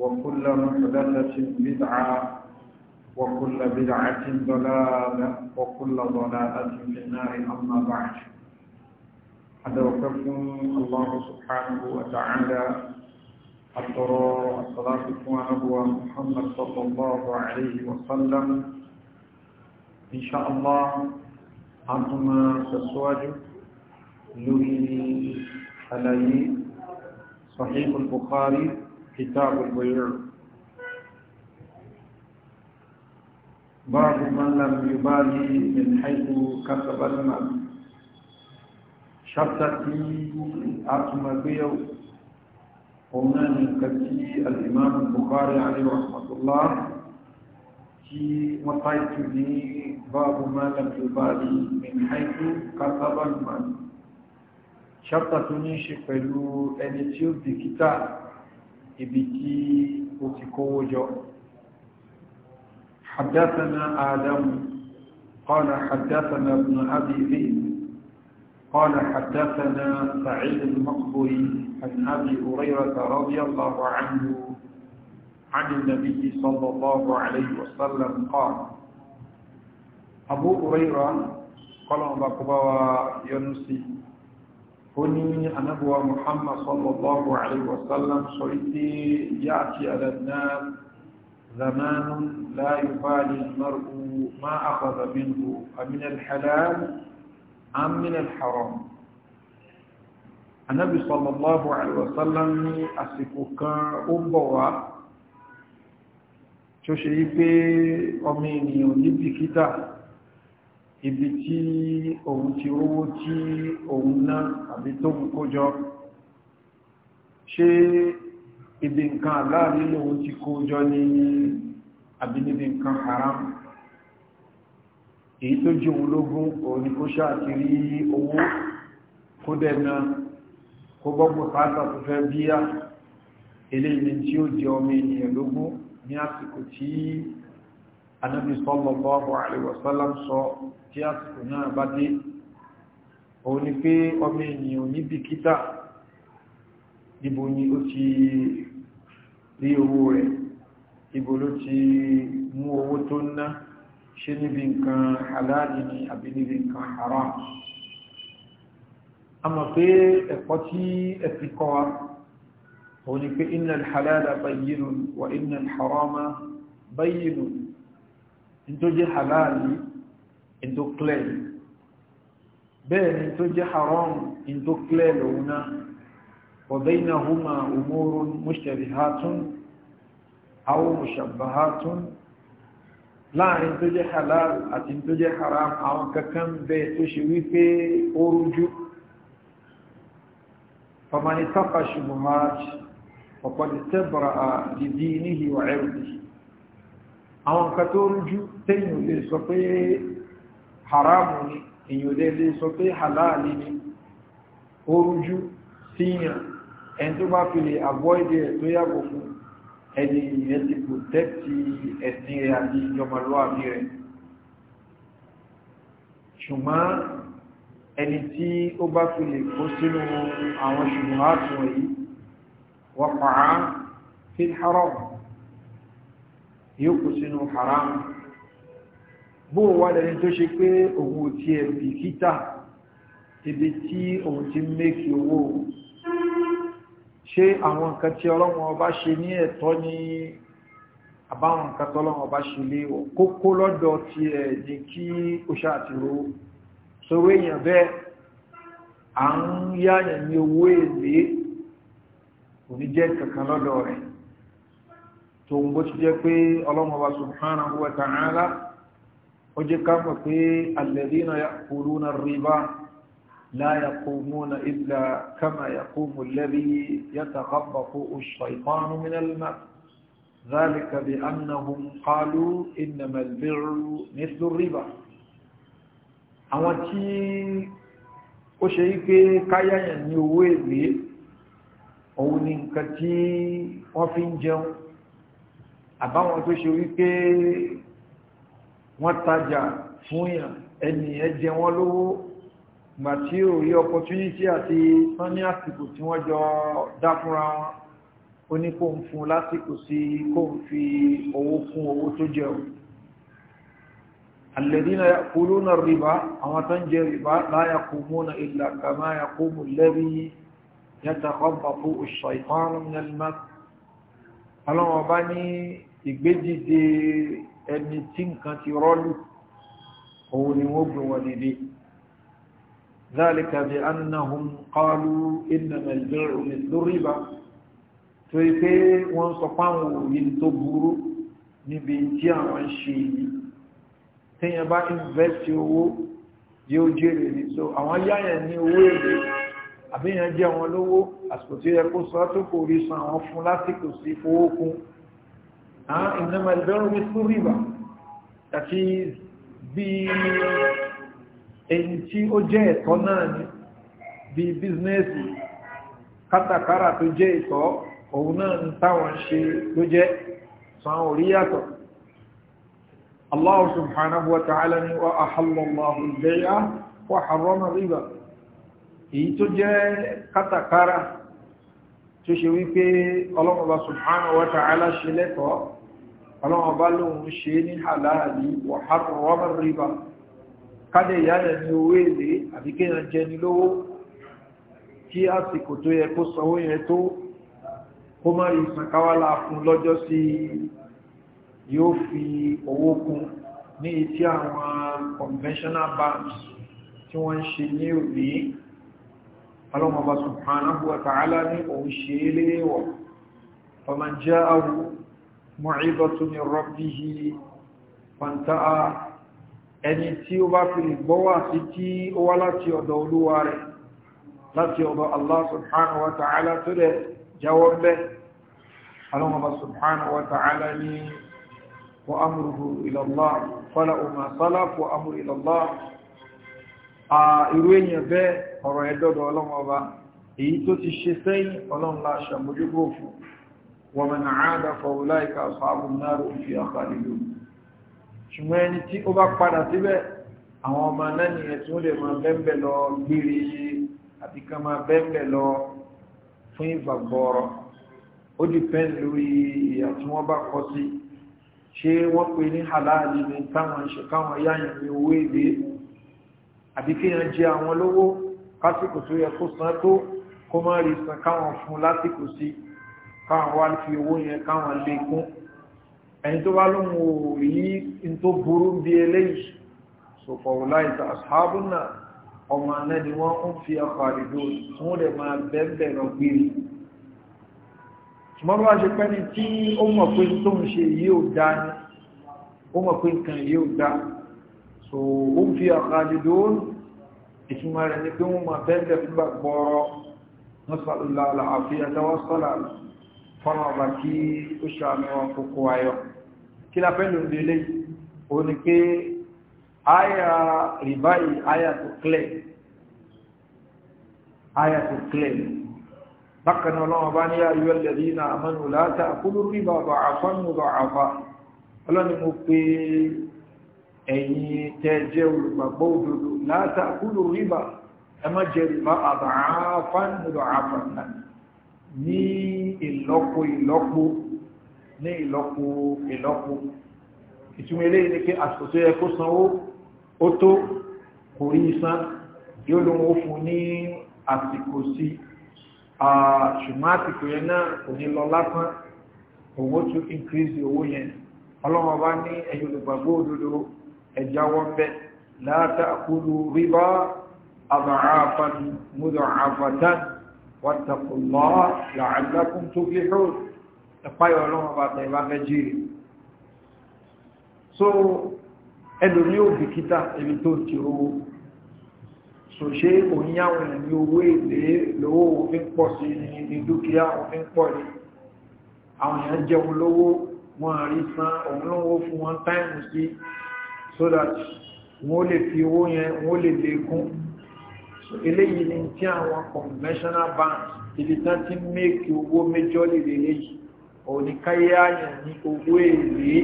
وكل محدثة بدعة وكل بدعة ضلالة وكل ضلالة في النار أما بعد هذا وكفهم الله سبحانه وتعالى الضرار الصلاة هو محمد صلى الله عليه وسلم إن شاء الله أنتم تسواجوا لوري عليه صحيح البخاري كتاب البيع باب من لم يبالي من حيث كسب المال شرطتي أتم بيو قمنا من كتي الإمام البخاري عليه رحمة الله في وصيت لي باب ما لم يبالي من حيث كسب المال شرطتني شكلو أن يتيوب بكتاب ibi tí ó ti kówó jọ حدثنا آدم قال حدثنا ابن أبي ذئب قال حدثنا سعيد المقبري عن أبي هريرة رضي الله عنه عن النبي صلى الله عليه وسلم قال أبو هريرة قال الله ينسي هني أنبوى محمد صلى الله عليه وسلم صيتي يأتي على الناس زمان لا يبالي المرء ما أخذ منه أمن الحلال أم من الحرام النبي صلى الله عليه وسلم أسفك أبوى تشيبي أميني ونبي كتاب ibi tí òun ti rówó tí òun ná àbí tó kù kójọ ṣé ibi nǹkan aláàrí lòun ti kójọ ní àbí níbi nǹkan haram èyí tó jí òun lógún òun ni kó ṣáà ti rí owó kó dẹ̀nà kó gbọ́gbọ̀ pátá tó fẹ́ bíyà eléyìí tí ó jẹ ọmọ ènìyàn lógún ní àsìkò tí anábì sallallahu alaihi wasallam sọ tí àsìkò náà bá dé òun ni pé ọmọ ènìyàn ní bìkítà níbo ni ó ti rí owó rẹ̀ ibo ló ti mú owó tó ń ná ṣe níbi nǹkan aláàrí ni àbí níbi nǹkan haram a mọ̀ pé ẹ̀kọ́ tí ẹ̀fì kọ́ wa òun ni pé innal tó jẹ́ halali in tó clear bẹ́ẹ̀ ni tó jẹ́ haram in tó clear lòun náà wa baynahuma umurun mushtabihatun aw mushabbahatun láàrin tó jẹ́ halal àti tó jẹ́ haram àwọn kankan bẹ́ẹ̀ tó ṣe wípé فمن اتقى الشبهات فقد استبرأ لدينه وعرضه àwọn nǹkan tó rújú tẹ́yìn ò lè sọ pé haramu ni èyàn lè lè sọ pé halali ni ó rújú síyàn ẹni tó bá fi lè avoid ẹ̀ tó yàgò fún ẹni ìyẹn ti protect ẹ̀sìn rẹ̀ àti ìjọmọlúwàbí rẹ̀ ṣùgbọ́n ẹni tí ó bá fi lè kó sínú àwọn ṣùgbọ́n àtúnwẹ̀ yìí wọ́n fi haram yóò kú sínú haram bó wà lẹ́ni tó ṣe pé òun ti ẹ̀bì kíta ibi tí òun ti mẹ́kì owó ṣe àwọn nǹkan tí ọlọ́run ọba ṣe ní ẹ̀tọ́ ní àbáwọn nǹkan tọ́lọ́run ọba ṣe lé kókó lọ́dọ̀ ti ẹ̀ ní kí ó ṣàtìrò sówé èèyàn bẹ́ẹ̀ à ń yáyàn ní owó èlé òní jẹ́ kankan lọ́dọ̀ rẹ̀ tòun bó ti jẹ́ pé ọlọ́run ọba subhanahu wa ta'ala ó jẹ́ ká mọ̀ pé alladhina ya'kuluna ar-riba la yaqumuna illa kama yaqumu alladhi yatakhabbathu ash-shaytanu min al-ma' ذلك بأنهم قالوا إنما البيع مثل الربا àwọn tí ó ṣe yí pé ní owó èlé òun ni nǹkan tí wọ́n fi ń jẹun àbáwọn tó ṣe wípé wọ́n tajà fún yàn ẹni ẹ jẹ wọ́n lówó gbà tí ò rí opportunity àti tán àsìkò tí wọ́n jọ dá fúnra wọn ó ní kó ń fún lásìkò sí kó ń fi owó kún owó tó jẹ o alladhina ya'kuluna ar àwọn tó ń jẹ rìbá la yaqumuna illa kama yaqumu alladhi yatakhabbathu ash-shaytanu min al-mas ọlọ́wọ́n bá ní ìgbédìde ẹni tí nǹkan ti rọ́lù òun ni wọ́n gbé wọn dìde ذلك بأنهم قالوا إنما البيع مثل الربا tó yí pé wọ́n sọ fáwọn òyìn tó burú níbi tí àwọn ṣe yìí tíyàn bá invest owó yóò jèrè ní so àwọn yáyàn ní owó èrè àbíyàn wọn lówó àsìkò tí ó yẹ kó san àwọn fún lásìkò sí owó kún ah innama al-bay'u mithlu riba that is bí ẹni tí ó jẹ́ ẹ̀tọ́ náà ni bí bísínẹ́sì kátàkárà tó jẹ́ ẹ̀tọ́ òun náà ní táwọn ṣe ló jẹ́ san orí yàtọ̀ Allah subhanahu wa ta'ala ni wa ahalla Allahu al riba èyí tó jẹ́ tó ṣe wípé ọlọ́mọba subhanahu wa ta'ala ṣe lẹ́tọ̀ọ́ ọlọ́mọba lóhun ṣe ní àláàlì wàhálà rọ́mọ̀n rìbá kádẹ̀ ìyálẹ̀ ní owó èlé àbí kéèyàn jẹ ní lówó kí àsìkò tó yẹ àwọn conventional banks tí wọ́n ń ṣe ní òní ọlọ́mọba subhanahu wa ta'ala ní òun ṣe é léèwọ̀ ọmọ jẹ́ ahù mọ̀íbọ̀tún ní rọ́bíhì pàntàá ẹni tí ó bá fi gbọ́wà sí tí ó wá láti ọ̀dọ̀ olúwa rẹ̀ láti ọ̀dọ̀ Allah subhanahu wa ta'ala tó rẹ̀ jáwọ́ bẹ́ ọlọ́mọba subhanahu wa ta'ala ní wa amruhu ila Allah umar salaf wa amru ila irú èèyàn bẹ́ẹ̀ ọ̀rọ̀ ẹ̀dọ́dọ̀ ọlọ́run ọba èyí tó ti ṣe sẹ́yìn ọlọ́run la ṣàmójúgbò fún wa man 'ada fa ulaika ashabun nar hum fiha khalidun ṣùgbọ́n ẹni tí ó bá padà síbẹ̀ àwọn ọmọ nẹ́ni ẹ̀ tí ó lè máa bẹ́ẹ̀bẹ̀ lọ gbére àti kan máa bẹ́ẹ̀bẹ̀ lọ fún ìfàgbọ́ọ̀rọ̀ ó dìpẹ́ǹ lórí ìyà wọ́n bá ní halali ní táwọn ṣe káwọn ní owó èdè àbí kéèyàn jẹ àwọn lówó kásìkò tó yẹ kó san tó kó má rí san káwọn fún lásìkò sí káwọn wá fi owó yẹn káwọn lè kún ẹni tó bá lóun ò rí n tó burú bí eléyìí sòfòwò láìta àṣàbùnà ọmọ náà ni wọ́n ń fi ọkọ̀ àdìdó wọ́n lè máa bẹ́ẹ̀bẹ̀ lọ gbére ṣùgbọ́n bá ṣe pẹ́ ni tí ó mọ̀ pé tó ń ṣe yíò dá ó mọ̀ pé nǹkan yíò dá so ó ń fi ọkọ̀ àdìdó ìtumọ̀ rẹ̀ ní pé wọ́n ma bẹ́ẹ̀bẹ̀ fúgbà gbọ́ọ̀rọ̀ nọ́sàlùlá àfihàn tẹ́wọ́sọ́lá fọ́nà ọba kí ó ṣàmì wọn kókó ayọ́ kí la fẹ́ lò lélẹ̀ o ní pé àyà rìbáyì àyà tó bákan náà bá ní ayọ́ lẹ́rí na àmọ́nù látà kúlù rí bàbà àfọ́nù bàbà àfà ọlọ́ni mo pé ẹ̀yin tẹ́jẹ́ olùgbàgbọ́ òdodo látàkúlò ríbà ẹ má jẹ ríbà àbáfán nílò àbàtà ní ìlọ́po ìlọ́po ní ìlọ́po ìlọ́po ìtumọ̀ eléyìí ni pé àsìkò tó yẹ kó sanwó ó tó kò rí san yóò ló ń fún ní àsìkò sí ṣùgbọ́n àsìkò yẹn náà kò ní lọ lásán òun tún increase owó yẹn ọlọ́mọba ní ẹ̀yin olùgbàgbọ́ òdodo ẹjáwọ́ bẹ́ láta kúrú ríbá àbàáfàn múdọ̀ àfàtàn wàtàkùnlọ́ làálàkùn tó fi hó ẹ̀páyọ̀ ọlọ́wọ́ bàtà ìbá mẹ́jìrì so ẹlòmí ò bìkítà ibi tó ti rówó so ṣe òyìnyàwó ní owó èlé lówó òfin pọ̀ sí ní dúkìá òfin pọ̀ ní àwọn èèyàn jẹun lówó wọn àrí san òun lówó fún wọn táìmù sí so that wọ́n lè fi owó yẹn wọ́n lè lékún eléyìí ni tí àwọn conventional banks ibi tán ti mẹ́kì owó méjọ́ lè lélẹ́yìí òní káyáyàn ní owó èlé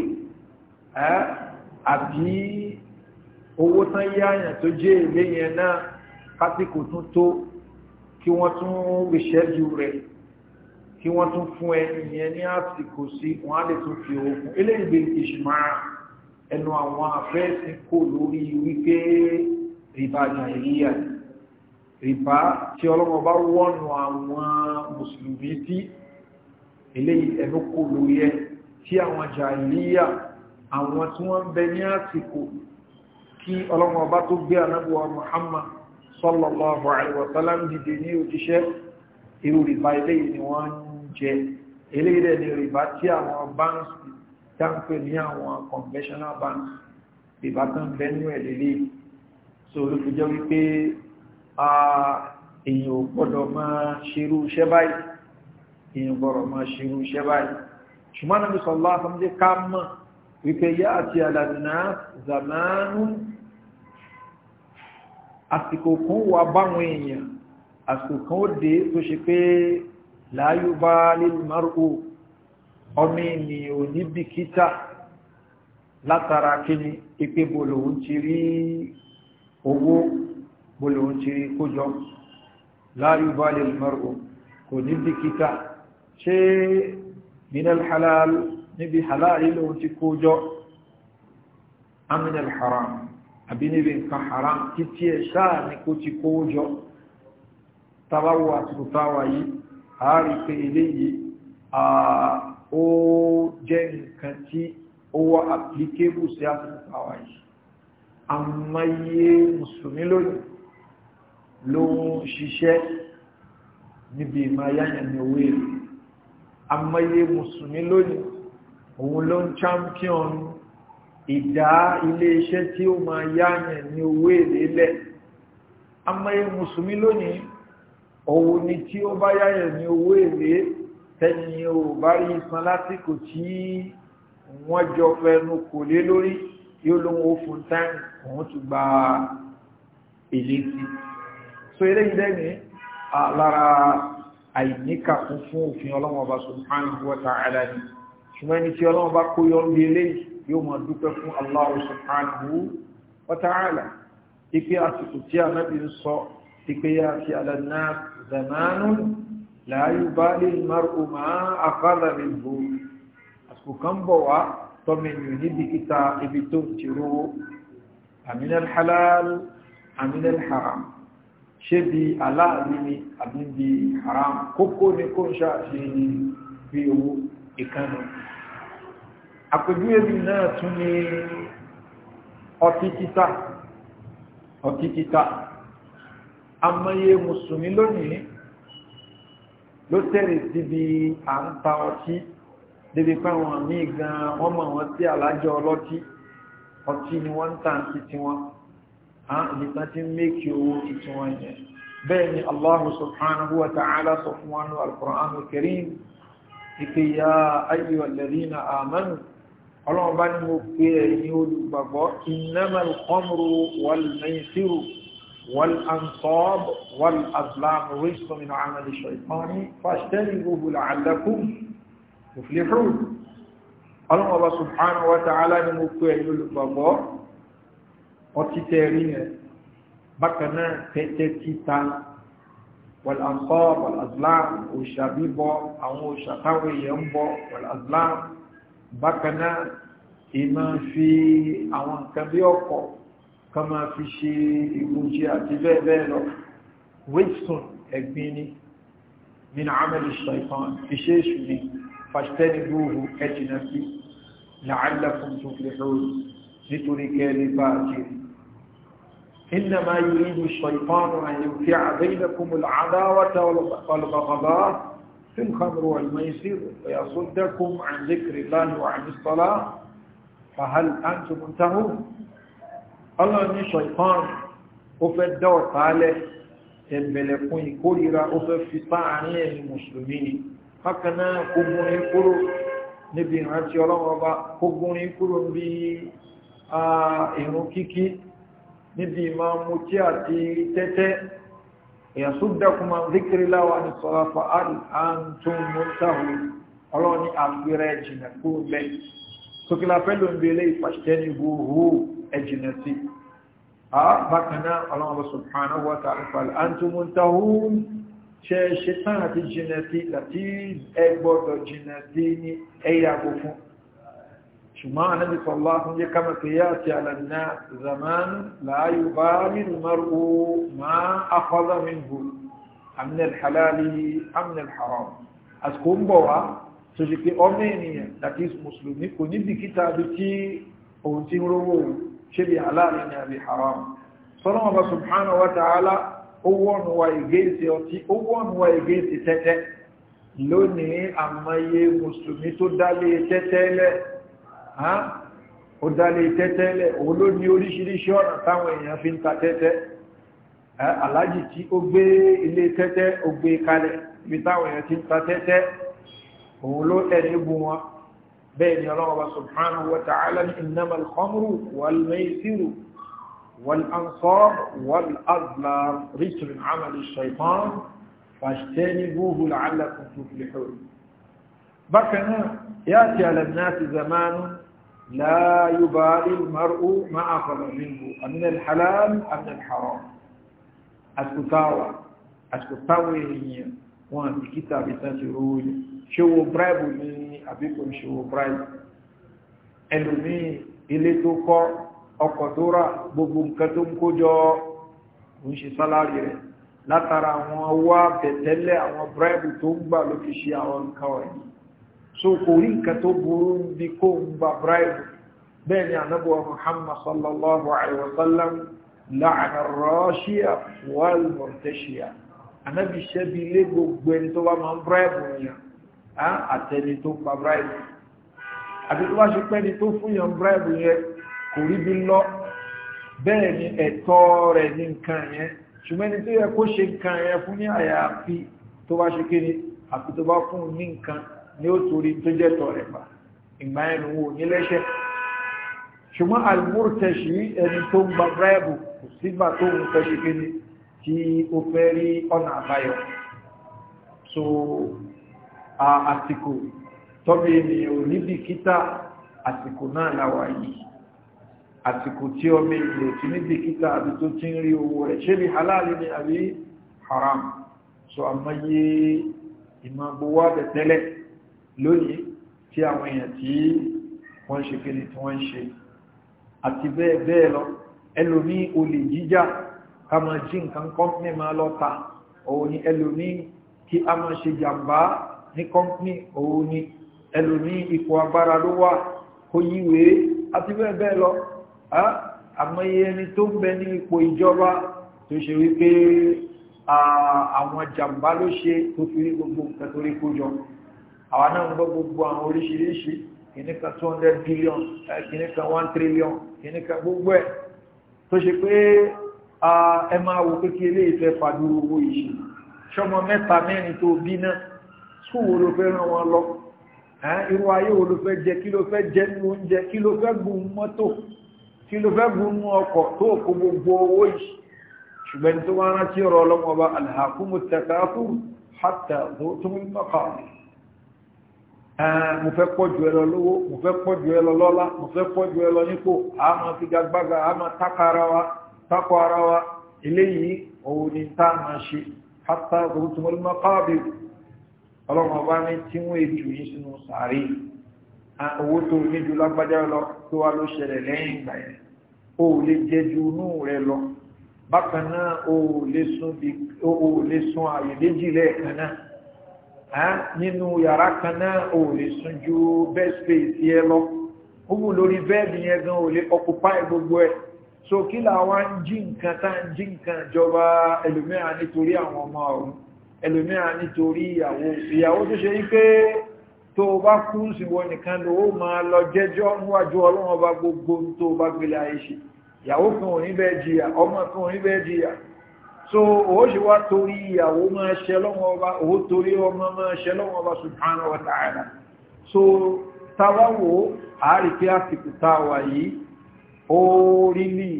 àbí owó tán yáyàn tó jẹ́ èlé yẹn náà kásìkò tún tó kí wọ́n tún rìṣẹ́jú rẹ̀ kí wọ́n tún fún ẹni yẹn ní àsìkò sí wọ́n á lè tún fi owó fún eléyìí bẹ́ẹ̀ ìṣùmọ́ràn ẹnu àwọn afẹ́ẹ̀sì kò lórí wípé rìbá jàìríyà rìbá tí ọlọ́mọ bá wọ́nù àwọn mùsùlùmí tí eléyìí ẹnu kò lórí ẹ tí àwọn jàìríyà àwọn tí wọ́n bẹ ní àsìkò kí ọlọ́mọ bá tó gbé anábùwà Muhammad sallallahu alaihi wasallam dìde ní òjíṣẹ́ irú rìbá ni wọ́n ń jẹ eléyìí rẹ̀ ni rìbá táǹpẹ̀ ní àwọn conventional banks ìbátan bẹnu ẹ̀ lélẹ̀ so ló fi jẹ́ wípé èyàn ò gbọ́dọ̀ máa ṣerú iṣẹ́ báyìí èyàn gbọ́dọ̀ máa ṣerú iṣẹ́ báyìí ṣùgbọ́n náà sọ lọ́wọ́ àtọ́mọdé ká mọ̀ wípé yá àti àlàdìnà zamanu àsìkò kan wà báwọn èèyàn àsìkò kan ó dé tó ṣe pé láyú lè márùn ọmọ ènìyàn ò ní bìkítà látara kíni pípé bòlòun ti rí owó bòlòun ti rí kójọ láàrín balẹ̀ mọ́rọ̀ kò ní bìkítà ṣe minal halal níbi halal lóun ti kójọ aminal haram àbí níbi nǹkan haram títí ẹ̀ sáà ní kó ti kójọ tabawo àtúntàwà yìí àárí pé ilé ó jẹ́ nǹkan tí ó wá àplíkébù sí àsìkò àwà yìí àmọ́yé mùsùlùmí lónìí ló ń ṣiṣẹ́ níbi ìmáyáyàn owó èrè àmọ́yé mùsùlùmí lónìí òun ló ń champion ìdá ilé-iṣẹ́ tí ó máa yáyàn ní owó èrè lẹ̀ àmọ́yé mùsùlùmí lónìí òun ni tí ó bá yáyàn owó èrè lẹ̀ tẹ́ni ò bá rí san lásìkò tí wọ́n jọ fẹnu kò lé lórí yóò lóun ó fún táìmù òun tún gba èlé sí so eléyìí lẹ́yìn lára àìníkàkún fún òfin ọlọ́mọba subhanahu wa ta'ala ni ṣùgbọ́n ẹni tí ọlọ́mọba kó yọ ń bí yóò máa dúpẹ́ fún Allah subhanahu wa ta'ala ipe àsìkò tí anábì ń sọ ipe yá sí alẹ́ náà zamanun láàyò bá lè márùn ún máa àfádà rẹ̀ bò àsìkò kan bọ̀ wá tọ́mẹ̀yìn níbi kíta ibi tó ti rówó àmìnal halal àmìnal haram ṣé bí aláàrí ni àbí bí haram kókó ni kó ń ṣàṣeyìn bí owó ìkànnì àpèjúwe bí náà tún ní ọtí títà ọtí títà amáyé mùsùlùmí lónìí ló tẹ̀lé síbi à ń ta ọtí débi pé àwọn míì gan wọ́n mọ̀ wọ́n sí alájọ ọlọ́tí ọtí ni wọ́n ń tà ń ti tiwọn nìkan ti ń mékì owó ti tiwọn yẹn bẹ́ẹ̀ ni Allah subhanahu wa ta'ala sọ fún wa nù al-Qur'an al-Karim ìpè ya ayyuhal ladhina amanu ọlọ́run bá ní mo pè é ní olùgbàgbọ́ innamal khamru wal maysiru. والأنصاب والأزلام رزق من عمل الشيطان فاجتنبوه لعلكم تفلحون ọlọ́run ọba subhanahu wa ta'ala ni mo kó ẹ̀yìn olùgbàgbọ́ ọtí tẹ̀rí yẹn bákan náà tẹ́tẹ́ títa wàlànsọ́ wàlàzlám òṣà bíbọ àwọn òṣà táwọn èèyàn ń bọ wàlàzlám bákan náà ìmọ̀ fi àwọn nǹkan bí ọkọ̀ kama máa fi ṣe ìgbòjì àti bẹ́ẹ̀ bẹ́ẹ̀ lọ weston ẹ̀gbin ni min amẹ́lì ṣàìfàn iṣẹ́ èṣù ni fàṣtẹ́ni gbòòrò ẹ̀jìnà sí la'allakum tuflihun nítorí kẹ́lẹ̀ bá jẹ́rì إنما يريد الشيطان أن ينفع بينكم العداوة والبغضاء في الخمر والميسر ويصدكم عن ذكر الله وعن الصلاة فهل أنتم منتهون ọlọ́ni ṣọ̀ìpán ó fẹ́ dá ọ̀tá alẹ́ ẹ̀bẹ̀lẹ̀kún ìkórira ó fẹ́ fi táàrin ẹ̀yìn mùsùlùmí ni bákan náà kó gúnrin kúrò níbi ìrántí ọlọ́run ọba kó gúnrin kúrò níbi ìrun kíkí níbi ìmọ̀ mutí àti tẹ́tẹ́ ìyàsúdẹ́kùn máa ń díkiri láwa ní sọ́lá fa àǹtún mọ́tàhùn ọlọ́ni àpẹẹrẹ jìnà kúrò bẹ́ẹ̀ sókèlá pẹ́lú ìbèlè ìpàṣẹ́ni gbogbo ẹjìnà sí a bákaná ọlọ́wọ́ subhanahu wa ta'ala antumun tahun ṣe ṣe tán àti jìnà sí láti ẹgbọ́dọ̀ jìnà sí ní ẹyàgò fún ṣùgbọ́n anábi sọ́lá fún jẹ́ kama kìíyà tó ṣe pé ọmọ ènìyàn that is mùsùlùmí kò ní bìkítà bí tí òun ti ń rówó ṣe bí aláàrin ní àbí haram sọ́nà ọba subhanahu wa ta'ala ó wọ́n wa ìgéèsì ọtí ó wọ́n wa ìgéèsì tẹ́tẹ́ lónìí àmọye mùsùlùmí tó dálé tẹ́tẹ́lẹ̀ ó dálé tẹ́tẹ́lẹ̀ òun ló ní oríṣiríṣi ọ̀nà táwọn èèyàn fi ń ta tẹ́tẹ́ alájì tí ó gbé ilé tẹ́tẹ́ ó gbé kalẹ̀ ibi táwọn èèyàn ti ń ta tẹ́tẹ́ òun ló ẹni bú wọn bẹ́ẹ̀ ni ọlọ́wọ́ subhanahu wa ta'ala ní innamal khamru wal maisiru wal ansab wal azlam rijsun min amali shaitan fajtanibuhu la'allakum tuflihun bákan náà ya'ti ala an-nasi zamanun لا يبالي المرء ما أخذ منه أمن الحلال أم الحرام أسكتاوى أسكتاوى وأن الكتاب تجرون ṣòwò bíráìbù ni, àbí kò ṣòwò bíráìbù ẹlòmíì ilé tó kọ́ ọkọ̀ tó rà gbogbo nǹkan tó ń kó jọ ń ṣe sálárì rẹ̀ látara àwọn owó àbẹ̀tẹ́lẹ̀ àwọn bíráìbù tó ń gbà ló fi ṣe àwọn nǹkan ọ̀yìn so kò rí nǹkan tó burú bí kó ń gba bíráìbù bẹ́ẹ̀ ni ànábọ̀ muhammad sallallahu alaihi wasallam láàrín rọ́ṣíà wàlmọ̀tẹ́ṣíà ànábìṣẹ́bi ilé gbogbo ẹni tó bá máa ń bíráìbù yẹn á àtẹni tó pa bíráìbù àti tó bá ṣe pẹ́ni tó fúnyàn bíráìbù yẹn kò rí bí lọ bẹ́ẹ̀ ni ẹ̀tọ́ rẹ̀ ní nǹkan yẹn ṣùgbọ́n ẹni tó yẹ kó ṣe nǹkan yẹn fún ní àyàfi tó bá ṣe kéde àfi tó bá fún ní nǹkan ni ó torí tó jẹ́ tọ̀ rẹ̀ pa ìgbà yẹn ló wò ní lẹ́ṣẹ̀ ṣùgbọ́n alimúrtẹ̀ṣì ẹni tó ń gba bíráìbù kò sígbà tó ń fẹ́ ṣe kéde tí ó fẹ́ rí ọ̀nà àbáyọ àsìkò tọ́bí ènìyàn ò níbi kíta àsìkò náà láwà yìí àsìkò tí ọmọ ènìyàn ti níbi kíta àbí tó ti ń rí owó rẹ̀ ṣe lè halal ní àbí haram so àmọ́yé ìmọ̀gbówá bẹ̀tẹ́lẹ̀ lónìí tí àwọn èèyàn tí wọ́n ṣe kéde tí wọ́n ṣe àti bẹ́ẹ̀ bẹ́ẹ̀ lọ ẹlòmí olè jíjà ká máa jí nǹkan kọ́mpínì máa lọ́ta òun ni ẹlòmí kí a máa ṣe jàǹbá ní kọ́mpínì òun ni ẹlòmí ipò agbára ló wà kó yíwé àti bẹ́ẹ̀ bẹ́ẹ̀ lọ àmọ́yé ẹni tó ń bẹ ní ipò ìjọba tó ṣe wípé àwọn jàmbá ló ṣe tó fi rí gbogbo nǹkan tó rí kójọ àwọn náà ń gbọ́ gbogbo àwọn oríṣiríṣi kìnníkan two hundred billion kìnníkan one trillion kìnníkan gbogbo ẹ̀ tó ṣe pé ẹ máa wo kékeré ìfẹ́ fàdúró owó ìṣe ṣọmọ mẹ́ta mẹ́rin tó bí náà sùn wo ló fẹ́ ràn wọn lọ irú ayé wo ló fẹ́ jẹ kí ló fẹ́ jẹ nínú oúnjẹ kí ló fẹ́ gun mọ́tò kí ló fẹ́ gun nínú ọkọ̀ tó kó gbogbo owó yìí ṣùgbọ́n tó wá rántí ọ̀rọ̀ ọlọ́mọ ọba alhakumu takafu hatta tó ń tọ́ka mo fẹ́ pọ̀ ju ọlọ́run ọba ní tí wọ́n ètò yìí sínú sàárè owó tó ní ju lágbájá lọ tó wá ló ṣẹlẹ̀ lẹ́yìn ìgbà yẹn o lè jẹ ju inú rẹ lọ bákan náà o lè sun àyè méjì lẹ́ẹ̀kan náà nínú yàrá kan náà o lè sun ju bed space yẹ lọ kúmù lórí bẹ́ẹ̀dì yẹn gan ò lè ọkùpá gbogbo ẹ̀ so kí làwọn jí nǹkan tá ń jí nǹkan ìjọba ẹlòmíràn nítorí àwọn ọmọ ọ̀run ẹlòmíràn nítorí ìyàwó ìyàwó tó ṣe wípé tó bá kú sí wọn nìkan ló máa lọ jẹ́jọ́ níwájú ọlọ́run ọba gbogbo tó bá gbélé ayé ṣe ìyàwó kan ò ní bẹ́ẹ̀ jìyà ọmọ kan ò ní bẹ́ẹ̀ jìyà so òwò ṣe wá torí ìyàwó máa ṣe lọ́wọ́ ọba òwò torí ọmọ máa ṣe lọ́wọ́ ọba subhanahu wa ta'ala so táwáwò àárí pé àsìkò táwà yìí ó rí ní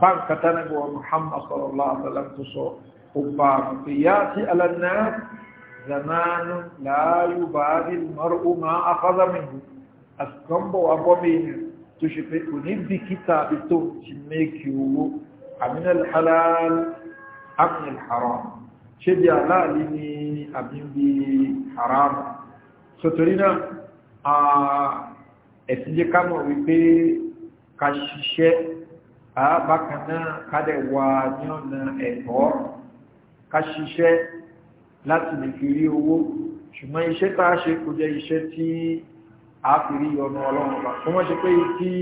báńkà tánàbọ̀ Muhammad sallallahu alaihi tó sọ كفار ياتي على الناس زمان لا يبالي المرء ما أخذ منه أسكنب وأبومين تشفق نبي كتاب تشميكيو أمن الحلال أمن الحرام شدي على لني أمن بحرام سترينا ẹ̀sìn jẹ́ ká mọ̀ wípé ká ṣiṣẹ́ bákan náà ká dẹ̀ wà ní ọ̀nà ẹ̀tọ́ ká ṣiṣẹ́ láti lè fi rí owó ṣùgbọ́n iṣẹ́ tá a ṣe kò jẹ́ iṣẹ́ tí a fi rí ọ̀nà ọlọ́run ọba kó wọ́n ṣe pé tí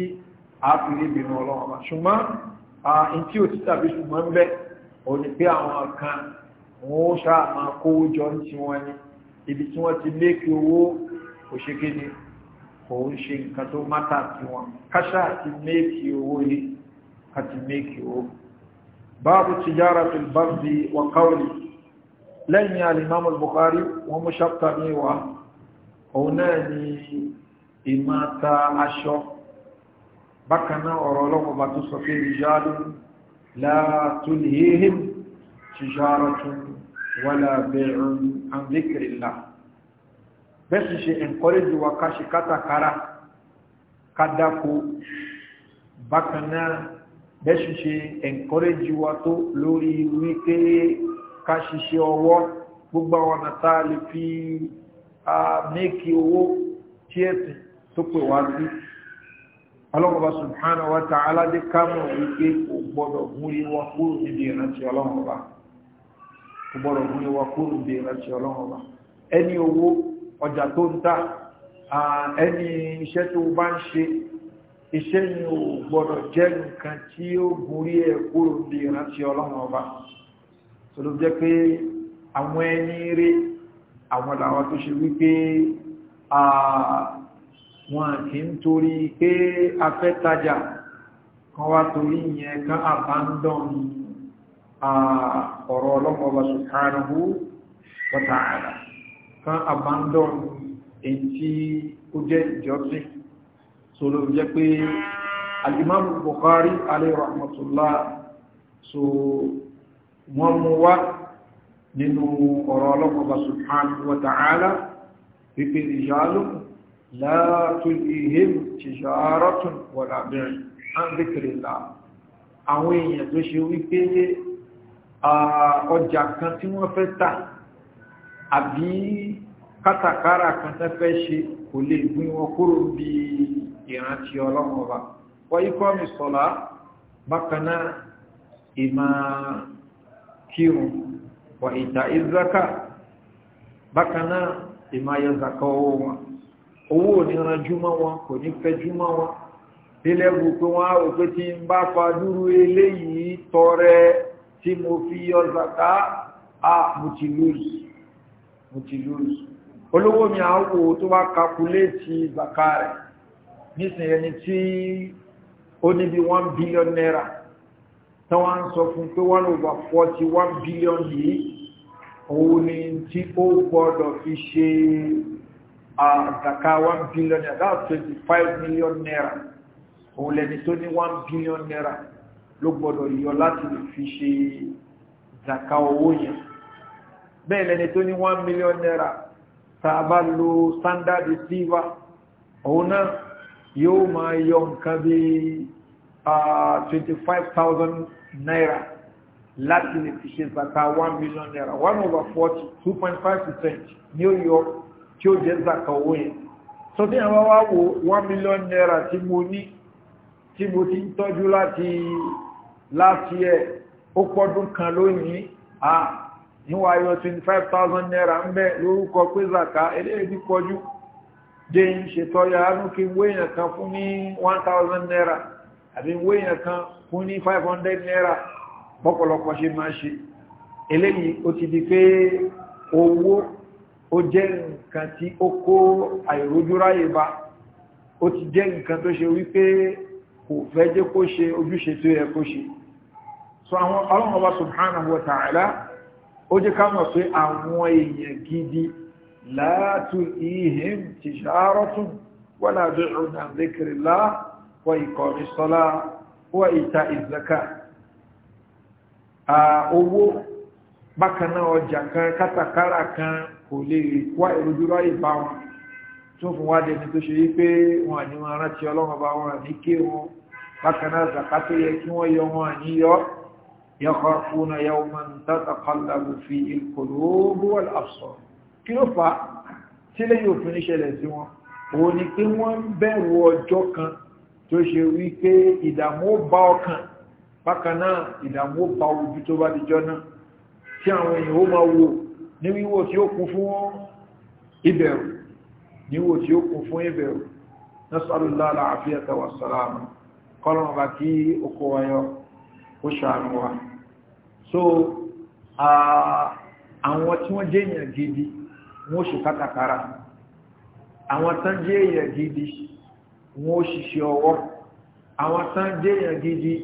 a fi rí ìbìnú ọlọ́run ọba ṣùgbọ́n n tí ò ti tàbí ṣùgbọ́n ń bẹ́ ò ní pé àwọn kan wọn ó ṣáà máa kówó jọ ní ti ni ibi tí wọ́n ti lé kí owó kò ṣe kéde kò ń ṣe nǹkan tó mátà sí káṣáà ti méèkì owó yìí ká ti méèkì owó. باب تجارة البرد وقولي لن يا الإمام البخاري ومشطني وهناني إماتا عشر بكنا أرولوه باتوسو في رجال لا تلهيهم تجارة ولا بيع عن ذكر الله بس شيء انقرض وكاشكتا كرا كدكو بكنا bẹ́ṣù ṣe encourage wa tó lórí wípé ká ọwọ́ gbogbo àwọn àtà lè fi mẹ́kì owó tí ẹ̀sìn tó pè wá sí ọlọ́mọba subhanahu wa ta'ala dé kámọ̀ wípé kò gbọ́dọ̀ kúrò níbi ìrántí ọjà tó ń tà ẹni iṣẹ́ bá ń iṣẹ́ yìí ò gbọ́dọ̀ jẹ́ nǹkan tí ó gorí ẹ̀ kúrò di ìrántí ọlọ́run ọba tó ló jẹ́ pé àwọn ẹni rí àwọn làwọn tó ṣe wípé wọn kì ń torí pé afẹ́ tajà kan wá torí yẹn kan abandon ọ̀rọ̀ ọlọ́run ọba subhanahu wa ta'ala kan abandon èyí tí ó jẹ́ ìjọsìn so ló jẹ́ pé alimami Bukhari alayhi rahmatullah so wọ́n mú wá nínú ọ̀rọ̀ ọlọ́pàá subhanahu wa ta'ala pípé ìyálò látún ihim tijaratun wala bi'in an dhikrillah àwọn èèyàn tó ṣe wípé ọjà kan tí wọ́n fẹ́ tà àbí kátàkárà kan tẹ́fẹ́ ṣe kò lè gbìn wọn kúrò bíi ìrántí ọlọ́run ọba wọ́n ikọ́ mi sọ̀lá bákanáà ìmá kírun wọ ìta ìzákà bákanáà ìmá yọzàkà owó wọn owó òníran júmọ́ wọn kò ní fẹ́ júmọ́ wọn délẹ́gbù pé wọ́n á rò pé tí ń bá fa dúró eléyìí tọrẹ tí mo fi yọzàkà á mo ti lóòsì mo ti lóòsì olówó mi àwọn tó bá kakuléètì zàkà rẹ̀ nísìn ẹni tí ó ní bí one billion naira tí wọ́n ń sọ fún pé one over forty one billion yìí òun ni tí ó gbọ́dọ̀ fi ṣe àdàkà one billion naira that's twenty five million naira òun lẹni tó ní one billion naira ló gbọ́dọ̀ yọ láti lè fi ṣe zaka owó yẹn bẹ́ẹ̀ lẹni tó ní 1 million naira tàbá lo standard receiver òun náà yóò máa yọ nǹkan bí twenty naira láti lè fi ṣe zaka one million naira one over forty 2.5 percent ní ó yọ tí ó jẹ́ zaka owó yẹn sọ fún yàrá wa wo one million naira tí mo ní tí mo ti ń tọ́jú láti láti ẹ̀ ó pọ́dún kan lónìí à níwáyọ twenty five thousand naira ń bẹ lórúkọ pé zaka eléyìí ti pọ̀jù jẹ́ ń ṣètọ́ ya ánú kí wéèyàn kan fún ní 1000 naira àbí wéèyàn kan fún ní 500 naira bọ́pọ̀lọpọ̀ ṣe máa ṣe eléyìí O ti di pé owó ó jẹ́ nǹkan tí ó kó àìrójúráyè bá o ti jẹ́ nǹkan tó ṣe wípé kò fẹ́ jẹ́ kó ṣe ojúṣe tó yẹ kó ṣe so àwọn ọlọ́run subhanahu wa ta'ala ó jẹ́ ká mọ̀ pé àwọn èèyàn gidi لا تلئيهم تجارة ولا بع عن ذكر الله وإقام الصلاة وإيتاء الزكاة owó bákan náà ọjà kan kátàkárà kan kò lè wá ìrojúrá ìbá wọn tó fún wá dẹni tó ṣe wípé wọn àní wọn rántí ọlọ́run bá wọn ní ké wọn bákan náà zàká tó yẹ kí wọ́n yọ wọn àní yọ يخافون يوما تتقلب فيه القلوب والأبصار kí ló fà á tí lè yóò fi ní ṣẹlẹ̀ sí wọn òun ni pé wọ́n ń bẹ̀rù ọjọ́ kan tó ṣe wípé ìdààmú bá ọkàn bákan náà ìdààmú bá ojú tó bá dijọ́ náà tí àwọn èèyàn ó máa wo ní wíwò tí ó kún fún ìbẹ̀rù ní wíwò tí ó kún fún ìbẹ̀rù nasalula alaafiyata wa salamu kọlọmọ bá kí oko wáyọ ó ṣàánú wa so àwọn tí wọ́n jẹ́ èèyàn gidi wọ́n ṣe kátàkárà àwọn tán jẹ́ èèyàn gidi wọ́n ṣiṣẹ́ ọwọ́ àwọn tán jẹ́ èèyàn gidi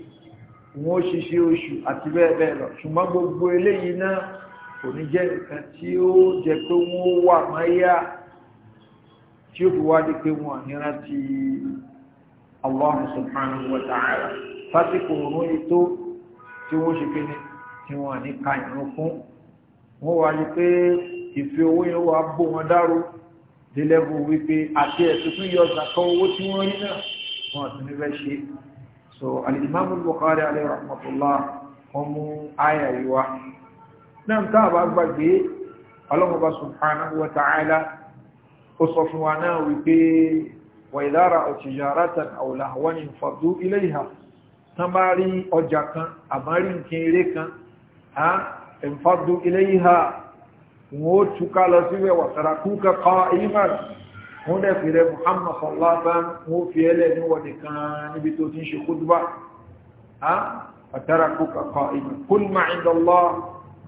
wọ́n ṣiṣẹ́ oṣù àti bẹ́ẹ̀ bẹ́ẹ̀ lọ ṣùgbọ́n gbogbo eléyìí náà kò ní jẹ́ nǹkan tí ó jẹ́ pé wọ́n wà máyà tí ó fi wá di pé wọ́n àníra ti Allah subhanahu wa ta'ala fásitì òun ètò tí wọ́n ṣe pé ni tí wọ́n àní ka ìrún fún wọ́n wá ní pé ìfi owó yẹn wà bó wọn dáró délẹ́bù wípé àti ẹ̀sùn tún yọ zàkọ owó tí wọ́n rí náà wọn àti nífẹ̀ẹ́ ṣe so alìmọ́mù Bukhari alayhi rahmatullah wọn náà tá a gbàgbé ọlọ́mọba subhanahu wa ta'ala ó sọ fún wa náà wípé wa idha ra'aw tijaratan aw lahwan faddu ilayha tán bá rí ọjà kan àbárí nǹkan eré kan ẹ̀ǹfàdú ilayha wọn ó túká lọ síbẹ̀ wàtàrà kúkà kọ́ iman wọn dẹ̀ fi rẹ muhammad sallallahu wọn ó fi ẹlẹ́ níwọ̀n nìkan níbi tó ti ń ṣe kúdúbà wàtàrà kúkà kọ́ iman kúl ma ìdá lọ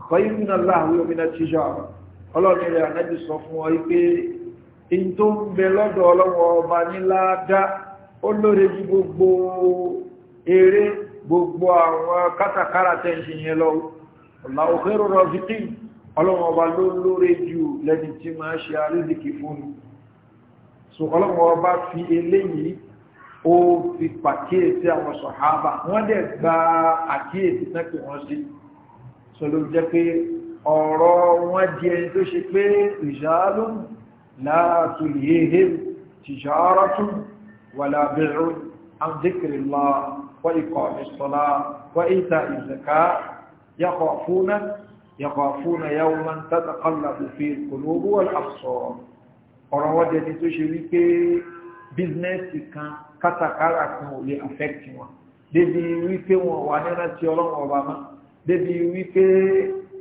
kọ́yìn náà láàrin omina tíjà ọlọ́run rẹ̀ anájú sọ fún ọ pé èyí tó ń gbogbo àwọn kátàkárà tẹ́ǹṣì yẹn lọ ọ̀là òkèrò rọ̀ fìtìmù ọlọ́wọ́ ọba ló lóore jù lẹ́ni tí máa ṣe àrídìkì fún un so ọlọ́wọ́ ọba fi eléyìí ó fi pàkíyèsí àwọn sọ̀hábà wọ́n dẹ̀ gba àkíyèsí náà pé wọ́n sí so ló jẹ́ pé ọ̀rọ̀ wọn di ẹni tó ṣe pé ìṣàlù láàtò yéhe tìṣàárọ̀tún wà lábẹ̀rún àǹdíkìrìlá wọ́n ikọ̀ ìṣọ́lá wọ́n ìta ìzẹ̀ká yàkọ̀ fúnná يخافون يوما تتقلب فيه القلوب والابصار ọ̀rọ̀ wọn jẹni tó ṣe wípé bíznẹ́sì kan kátàkárà kan ò lè affect wọn débi wípé wọn wà nínú ti ọlọ́run ọba mọ́ débi wípé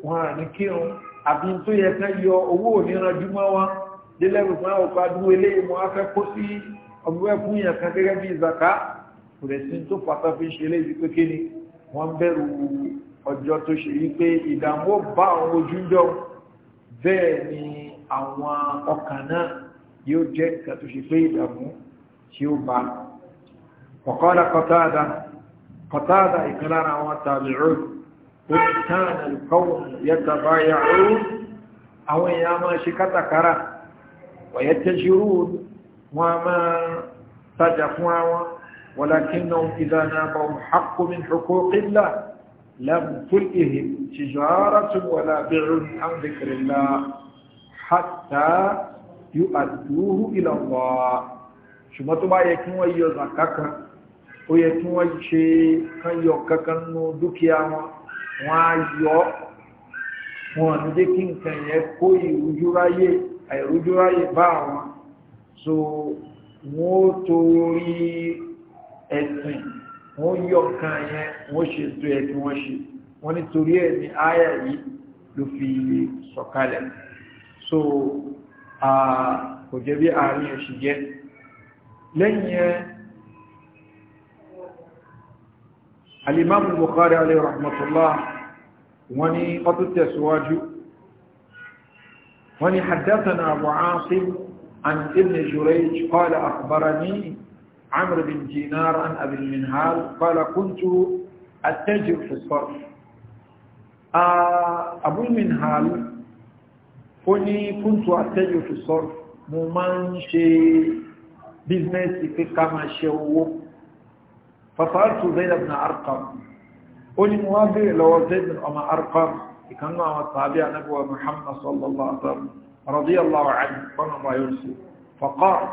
wọn à ní kírun àbí tó yẹ ká yọ owó òníran júmọ́ wọn délẹ́rù fún adúgbò eléyìí wọn á fẹ́ kó sí ọgbẹ́ yẹn kan gẹ́gẹ́ bí ìzàká kò lè sí tó pàtàkì ṣe eléyìí ọjọ́ tó ṣe wípé ìdààmú bá àwọn ojújọ́ bẹ́ẹ̀ ni àwọn ọkàn náà yóò jẹ́ nǹkan tó ṣe pé ìdààmú tí ó bá ọ̀kọ́lá kọtáàdá kọtáàdá ìkan lára àwọn tàbí'ùn ó ti tán àlùkọ́wùn bá yà لم تلئهم تجارة ولا بيع عن ذكر الله حتى يؤدوه إلى الله ṣùgbọ́n tó bá yẹ kí wọ́n yọ zakaka ó yẹ kí wọ́n ṣe kan yọ kankan nú dúkìá wọn wọ́n á yọ wọn ní jẹ́ kí nǹkan yẹ kó ìrújúráyè àìrújúráyè bá wọn so wọ́n tó rí ẹ̀sìn wọ́n yọ kan yẹn wọ́n ṣe tó yẹ kí wọ́n ṣe wọ́n nítorí ẹ̀ ní àyà yìí ló fi sọ̀kalẹ̀ so kò jẹ́ bí àárín ẹ̀ṣì jẹ́ lẹ́yìn ẹ̀ alimamu Bukhari alayhi rahmatullah wọ́n ní ọdún tẹ̀síwájú wọ́n ní haddathana Abu Asim an ibn Jurayj qala akhbarani عمرو بن دينار عن أبي المنهال قال كنت أتجر في الصرف آه، أبو المنهال فني كنت أتجر في الصرف ممانشي بزنس في كما شو فسألت زيد بن أرقم قولي موافق لو زيد بن أما أرقم كان مع الصحابي نبوة محمد صلى الله عليه وسلم رضي الله عنه فقال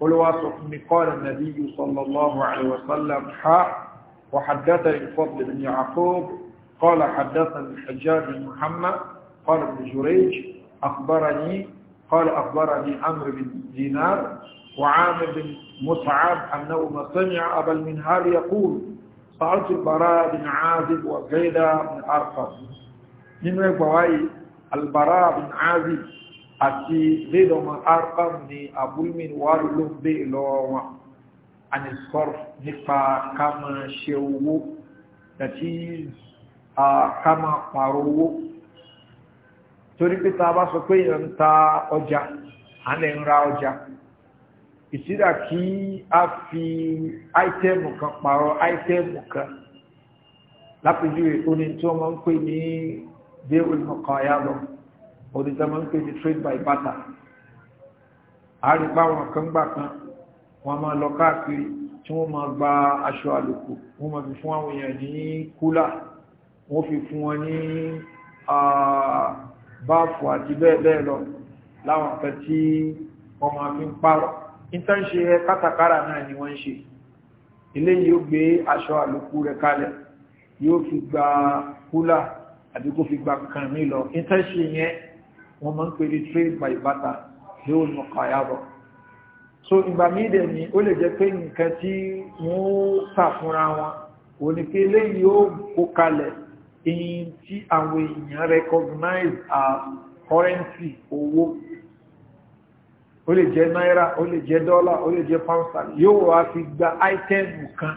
قل واصحبني قال النبي صلى الله عليه وسلم حاء وحدثني الفضل بن يعقوب قال حدثني الحجاج بن محمد قال ابن جريج اخبرني قال اخبرني عمرو بن دينار وعامر بن مصعب انه ما سمع ابا المنهار يقول سالت البراء بن عازب وزيد بن ارقم من البراء بن عازب àti lédọ̀mọ̀ arkham ni abúlmin wà ló ń bè lọ́wọ́ wọn àni sọ́rọ̀ nípa kama ṣe owó àti kama pààrọ̀ owó torí pé ta bá sọ pé èèyàn ń ta ọjà à ń lè ń ra ọjà ìsídà kí a fi áítẹ́mù kan pààrọ̀ áítẹ́mù kan lápèjúwe oní tí wọ́n máa ń pè ní dé olùmọ̀kan ayá lọ́wọ́ òdìjá máa ń pè ní trade by barter àrípa àwọn kan gbà kan wọ́n máa lọ káàkiri tí wọ́n máa gba aṣọ àlòkù wọ́n máa fi fún àwọn èèyàn ní kúlà wọ́n fi fún wọn ní báàfù àti bẹ́ẹ̀ bẹ́ẹ̀ lọ láwọn kan tí wọ́n máa fi ń pààrọ̀ nítorí kátàkárà náà ni wọ́n ń ṣe eléyìí ó gbé aṣọ àlòkù rẹ̀ kalẹ̀ yóò fi gba kúlà àbí kó fi gba kàn mí lọ nítorí yẹn wọ́n máa ń pè ní trade by barter ní ònà kàyàbọ̀ so ìgbà míì dẹ̀ ni ó lè jẹ́ pé nǹkan tí wọ́n tà fúnra wọn ò ní pé léyìí ó kó kalẹ̀ èyí tí àwọn èèyàn recognize as currency owó ó lè jẹ́ náírà ó lè jẹ́ dọ́là ó lè jẹ́ pound sterling yóò wá fi gba item kan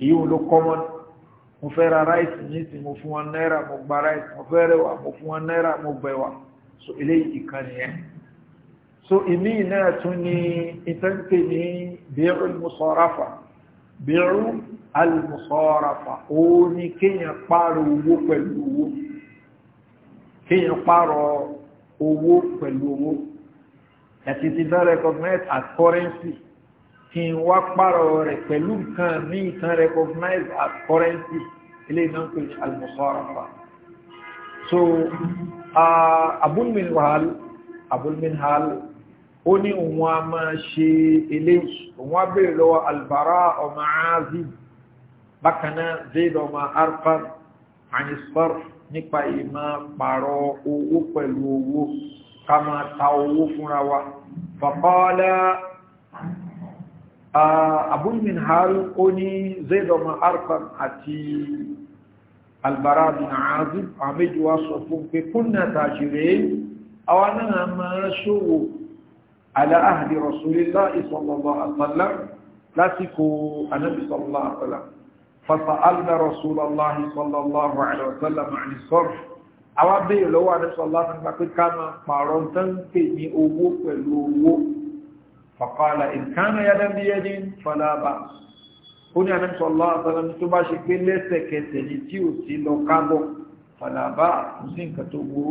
èyí ò ló common mo fẹ́ ra ráìsì ní sí mo fún wọn náírà mo gba ráìsì mo fẹ́ rẹwà mo fún wọn náírà mo bẹ̀wà so eléyìí ìkan nìyẹn so ìmí náà tún ní ìtẹ́ǹpẹ̀ ní bẹ̀rù musọ́rafa bẹ̀rù almusọ́rafa ó ní kéèyàn pààrọ̀ owó pẹ̀lú owó kéèyàn pààrọ̀ owó pẹ̀lú owó that is in that as currency kí n wá pààrọ̀ rẹ̀ pẹ̀lú nǹkan ní ìtàn recognize as currency ilé iná pé al-musarafa so Abul Minhal Abul Minhal ó ní òun a máa ṣe eléyìí òun á bèèrè lọ́wọ́ al ọmọ Azib bákan náà Zayd ọmọ anisfar nípa ìmọ̀ pààrọ̀ owó pẹ̀lú owó ká máa ta owó fúnra wa faqala abúlmin hal ó ní zaidoman arfan àti albara bin azib àmẹ́jì wá sọ fún pé kúnnà tàjírẹ́ àwọn náà máa ṣòwò aláàdì rasulillá ìsọ̀lọ̀lọ̀ àtàlá lásìkò anábìsọ̀lọ̀ àtàlá fasa alna rasulallah sallallahu alaihi wasallam ani sorf awa be lo wa rasulullah ta pe kama paron tan pe ni owo pelu owo fàkọ́lá ìkánà yàdá bí ẹni fọlábà ó ní àmì sọ̀lá àtàlà tó bá ṣe pé lẹ́sẹ̀kẹsẹ̀ ní tí ò sí lọ kábọ̀ fọlábà kò sí nǹkan tó wo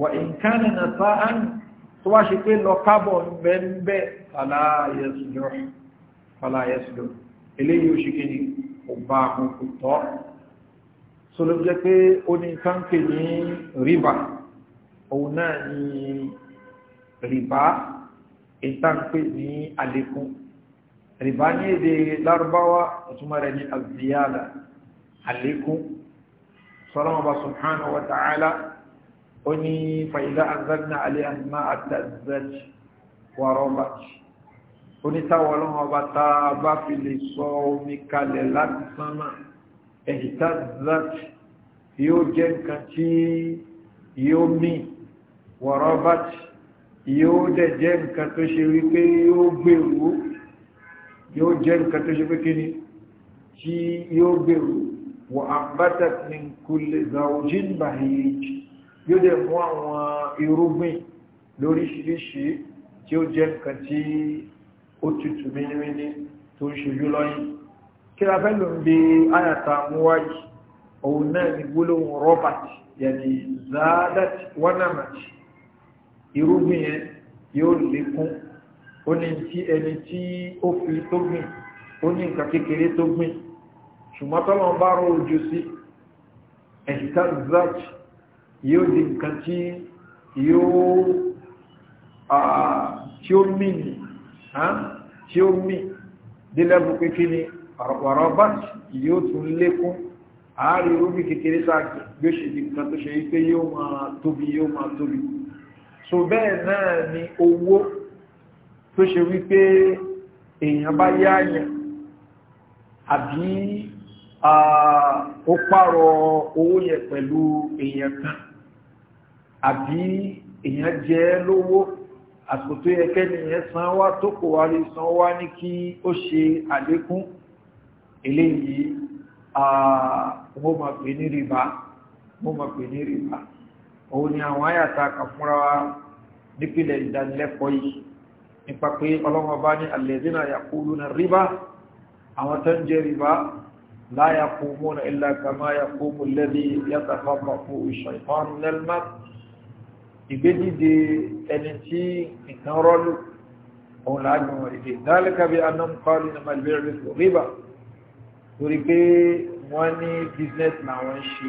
wà ìkánà nà sá án tó bá ṣe pé lọ kábọ̀ ńbẹ́ńbẹ́ fàlàyẹsùlọ́ eléyìí ó ṣe kí ni kò bá àwọn kò tọ́ so ló jẹ́ pé ó ní sáńkè ní rìbá òun náà ní rìbá ìtànpé ní àlékún rìbá ní èdè lárúbáwá ìtumọ̀ rẹ̀ ní àzíyàdà àlékún sọ́lọ́mọ̀ bá subhanahu wa ta'ala ó ní fàyílá azagna alẹ́ àmà àtàzẹ́j wà rọ́bàj ó ní táwọn ọlọ́mọ̀ yóò dẹ̀ jẹ́ nǹkan tó ṣe rí pé yóò gbèrú yóò jẹ́ nǹkan tó ṣe pé kí ni tí yóò gbèrú wọ àbátà ní kulli zawjin bahij yóò dẹ̀ mú àwọn irúgbìn lóríṣiríṣi tí ó jẹ́ nǹkan tí ó tutù mímíní tó ń ṣojú lọ́yìn kí la fẹ́ lò ń bi ayàtà òun náà ní gbólóhùn robert yàní zadat wanamati irúgbìn yẹn yóò lékún ó ní tí ẹni tí ó fi tó gbìn ó ní nǹkan kékeré tó gbìn ṣùgbọ́n tọ́lọ́n bá rọ ojú sí ẹ̀ṣìká zach yóò di nǹkan tí yóò tí ó mì ní tí ó mì délẹ́bù pínkí ni wàrọ̀ bá yóò tún lékún ààrí irúgbìn kékeré sáà gbé ṣe di nǹkan tó ṣe yí pé yóò máa tóbi yóò máa tóbi so bẹ́ẹ̀ náà ni owó tó ṣe wípé èèyàn bá yáyàn àbí ó pààrọ̀ owó yẹn pẹ̀lú èèyàn kan àbí èèyàn jẹ lówó àsìkò tó yẹ kẹ́nìyàn san wá tó kò wá rí san wá ní kí ó ṣe àlékún eléyìí mo mọ̀ pé ní rìbá mo mọ̀ pé ní rìbá òun ni àwọn àyàta kàfúnra wa nípìnlẹ̀ ìdánilẹ́kọ̀ọ́ yìí nípa pé ọlọ́wọ́ bá ní alladhina yaquluna riba àwọn tó ń jẹ riba la yaqumuna illa kama yaqumu alladhi yatakhatafu ash-shaytanu min al-mas ìgbédìde ẹni tí torí pé wọ́n ní business làwọn ń ṣe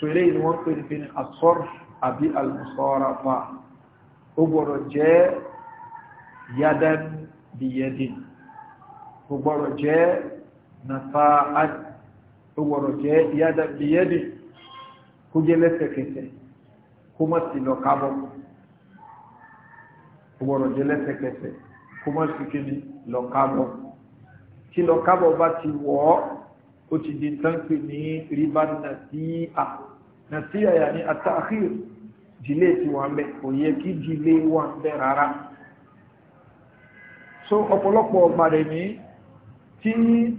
so ilé ni wọ́n pèrè bí ní asọ́r àbí alùsọ́rafa ó gbọ́dọ̀ jẹ́ yadan bí yadin ó gbọ́dọ̀ jẹ́ nasa'ad ó gbọ́dọ̀ jẹ́ yadan bí yadin kó jẹ́ lẹ́sẹ̀kẹsẹ̀ kó má sí lọ kábọ̀ ó gbọ́dọ̀ jẹ́ lẹ́sẹ̀kẹsẹ̀ kó má sí kí ni lọ kábọ̀ tí lọ kábọ̀ bá ti wọ̀ ọ́ ó ti di tánkì ní ríbá nàtíà nàtíà yà ní àtàkìr jìlé ti wà mẹ́ kò yẹ kí jìlé wà mẹ́ rárá so ọ̀pọ̀lọpọ̀ ọgbàrẹ̀ ní tí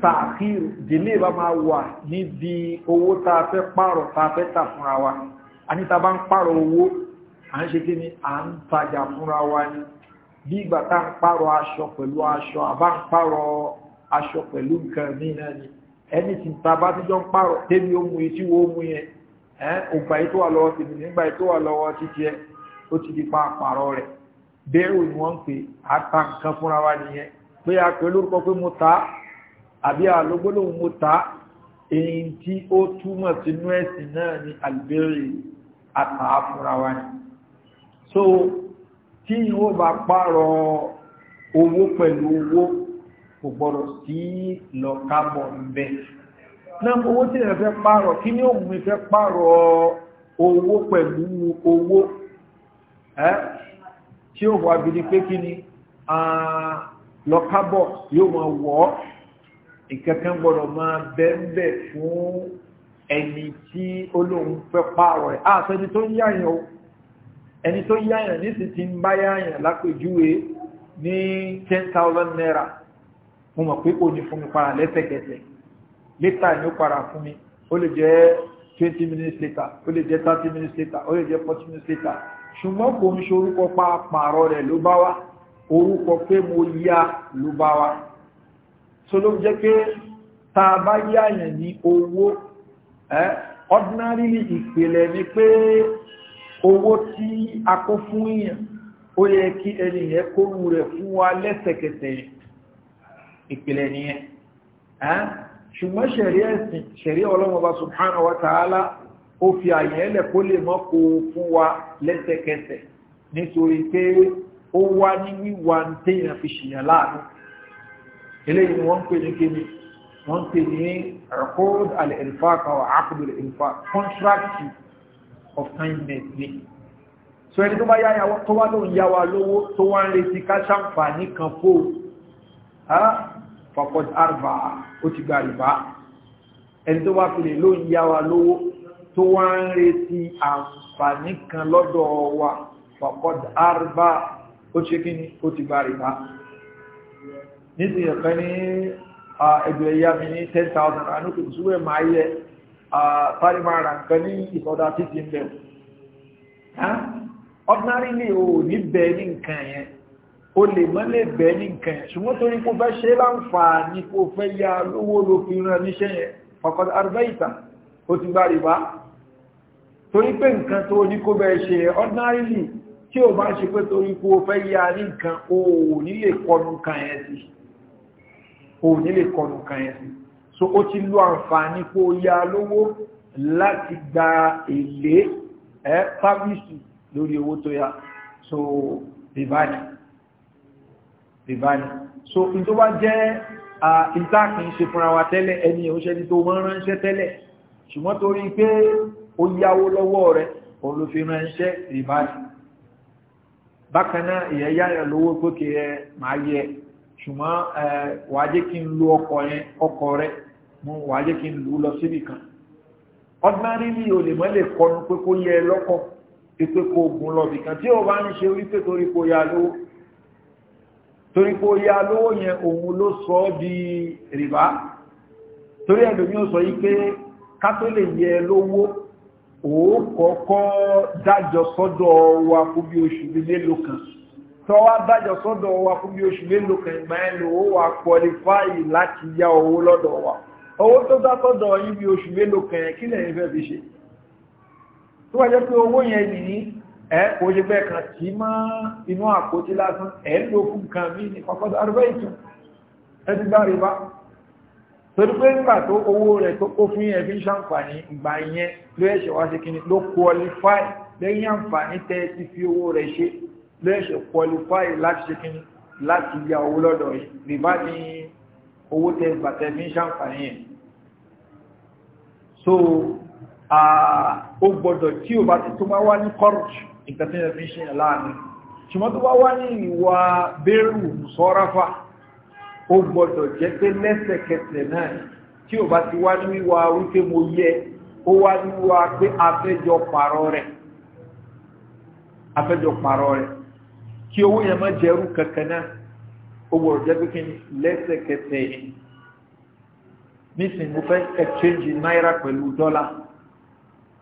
tàkìr jìlé bá máa wà níbi owó tá a fẹ́ pààrọ̀ tá a fẹ́ tà fúnra wa a ní ta bá ń pààrọ̀ owó à ń ṣe kí ni à ń tajà fúnra wa ni bí ìgbà tá ń pààrọ̀ aṣọ pẹ̀lú aṣọ àbá ń pààrọ̀ aṣọ pẹ̀lú nǹkan mí ni ẹni tí ta bá ti jọ ń pààrọ̀ débi ohun yìí tí wo ohun yẹn ọgbà yìí tó wà lọ́wọ́ tèmi nígbà yìí tó wà lọ́wọ́ títí ẹ ó ti di pa àpàrọ̀ rẹ̀ bẹ́ẹ̀rù ni wọ́n ń pè àta nǹkan fúnra wa nìyẹn pé a pè lórúkọ pé mo ta àbí àlógbólóhùn mo ta èyí tí ó túmọ̀ sínú ẹ̀sìn náà ni àlùbẹ́rẹ̀ àtà fúnra wa ni so tí ìwọ́n bá pààrọ̀ owó pẹ̀lú owó kò gbọ́dọ̀ sí lọ́kàbọ̀ ńbẹ́ náà owó tí ẹ fẹ́ pààrọ̀ kí ní òun fẹ́ pààrọ̀ owó pẹ̀lú owó tí ó wà bí ní pé kí ni lọ́kàbọ̀ yóò máa wọ́ ìkẹ́kẹ́ gbọ́dọ̀ máa bẹ́ẹ̀ fún ẹni tí olóhun fẹ́ pààrọ̀ ẹ̀ àtẹni tó ń yáyàn o ẹni tó yáyàn ní ń bá yáyàn lápèjúwe ní ten thousand naira mo mọ̀ pé kò ní fún mi para lẹ́sẹ̀kẹsẹ̀ létà ni ó para fún mi ó lè jẹ́ twenty minutes later ó lè jẹ́ thirty minutes later ó lè jẹ́ forty minutes later ṣùgbọ́n kò ń ṣe orúkọ pa pààrọ̀ rẹ̀ ló bá wá orúkọ pé mo yá ló bá wá so ló jẹ́ pé tá a bá yáyàn ní owó ordinarily ìpìlẹ̀ ni pé owó tí a kó fún èèyàn ó yẹ kí ẹni kó rú rẹ̀ fún wa lẹ́sẹ̀kẹsẹ̀ yẹn ìpìlẹ̀ nìyẹn ṣùgbọ́n ṣẹ̀rí ẹ̀sìn ṣẹ̀rí ọlọ́run ọba subhanahu wa ta'ala ó fi àyè ẹlẹ̀ kó lè mọ́ kó fún wa lẹ́sẹ̀kẹsẹ̀ nítorí pé ó wá ní wíwá ń téèyàn of kindness ni so ẹni tó bá yá tó wá lóun yá wa lówó tó wá ń retí ká ṣàǹfààní kan fóun faqad arba ó ti gba rìbá ẹni tó wá fìlè ló ń yá wa lówó tó wá ń retí àǹfààní kan lọ́dọ̀ wa faqad arba ó ṣe kí ni ó ti gba rìbá nítorí ẹ̀kọ́ ní ẹgbẹ̀ ẹ̀yà mi ní 10,000 anúkù ìṣúwẹ̀ máa yẹ parí máa ra nǹkan ní ìsọdá títí ń bẹ̀rù ordinary ni o ní bẹ̀ẹ́ ní nǹkan yẹn o lè mọ́ lè bẹ̀ ní nǹkan ẹ̀ ṣùgbọ́n torí kó fẹ́ ṣe láǹfààní kó fẹ́ ya lówó ló fi ràn níṣẹ́ yẹn faqad arbaita ó ti gbá rìbá torí pé nǹkan tó ní kó bẹ́ ṣe ordinarily tí o bá ṣe pé torí kó fẹ́ ya ní nǹkan o lè kọnu kan ẹ̀ sí so ó ti lo àǹfààní kó ya lówó láti gba èlé ẹ́ fábíìsì lórí owó tó ya so rìbá rìbá ni so n tó bá jẹ́ ìtàkì ṣe fúnra wa tẹ́lẹ̀ ẹni ìhúnṣẹ́ ní tó wọ́n ránṣẹ́ tẹ́lẹ̀ ṣùgbọ́n torí pé ó yáwó lọ́wọ́ rẹ̀ òun ló fi ránṣẹ́ rìbá ni bákan náà ìyẹn yára lówó gòkè ẹ máa yẹ ṣùgbọ́n wàá jẹ́ kí n lo ọkọ̀ yẹn ọkọ̀ rẹ̀ mo wàá jẹ́ kí n lù ú lọ síbì kan ordinary ni o lè mọ́ lè kọnu pé kó yẹ lọ́kọ̀ pé kó gun lọ bìkan tí o bá ń ṣe wípé torí kó ya lówó torí pé ó yá lówó yẹn òun ló sọ ọ́ di rìbá torí ẹlòmí ó sọ yí pé ká tó lè yẹ lówó ó kọ́kọ́ dájọ sọ́dọ̀ wa fún bí oṣù mélòó kan tọ́ wá dájọ sọ́dọ̀ wa fún bí oṣù mélòó kan ìgbà ẹ̀ lò ó wà kọlifáì láti yá owó lọ́dọ̀ wa owó tó dá sọ́dọ̀ yín bí oṣù mélòó kan kí lẹ́yìn fẹ́ fi ṣe tó wájẹ́ pé owó yẹn nìyí ẹ kò ṣe bẹ́ẹ̀ kan tí má inú àpótí lásán ẹ̀ ń lò fún nǹkan mí ní ọkọ̀dọ̀ arúgbó ìtún ẹtí bá rí bá torí pé nígbà tó owó rẹ̀ tó kó fún ẹbí ń ṣàǹfààní ìgbà yẹn ló ẹ̀ṣẹ̀ wá sí kíni ló qualify lẹ́yìn àǹfààní tẹ́ ti fi owó rẹ̀ ṣe ló ẹ̀ṣẹ̀ qualify láti ṣe kíni láti ya owó lọ́dọ̀ yìí rí bá ní owó tẹ ìgbà tẹ́ fi ó gbọ́dọ̀ tí ò bá ti tó bá wá ní kọ́rọ̀jù nǹkan tí ẹ̀fí ṣe láàánú ṣùgbọ́n tó wá wá ní ìwà bẹ́rù sọ́ráfà ó gbọ́dọ̀ jẹ́ pé lẹ́sẹ̀kẹsẹ̀ náà tí ò bá ti wá ní wíwá wípé mo yẹ ó wá ní wíwá pé afẹ́jọ pààrọ̀ rẹ̀ afẹ́jọ pààrọ̀ rẹ̀ kí owó yẹn má jẹ́rú kankan náà ó gbọ́dọ̀ jẹ́ pé kí lẹ́sẹ̀kẹsẹ̀ yìí nísìnyí fẹ́ exchange náírà pẹ̀lú dọ́là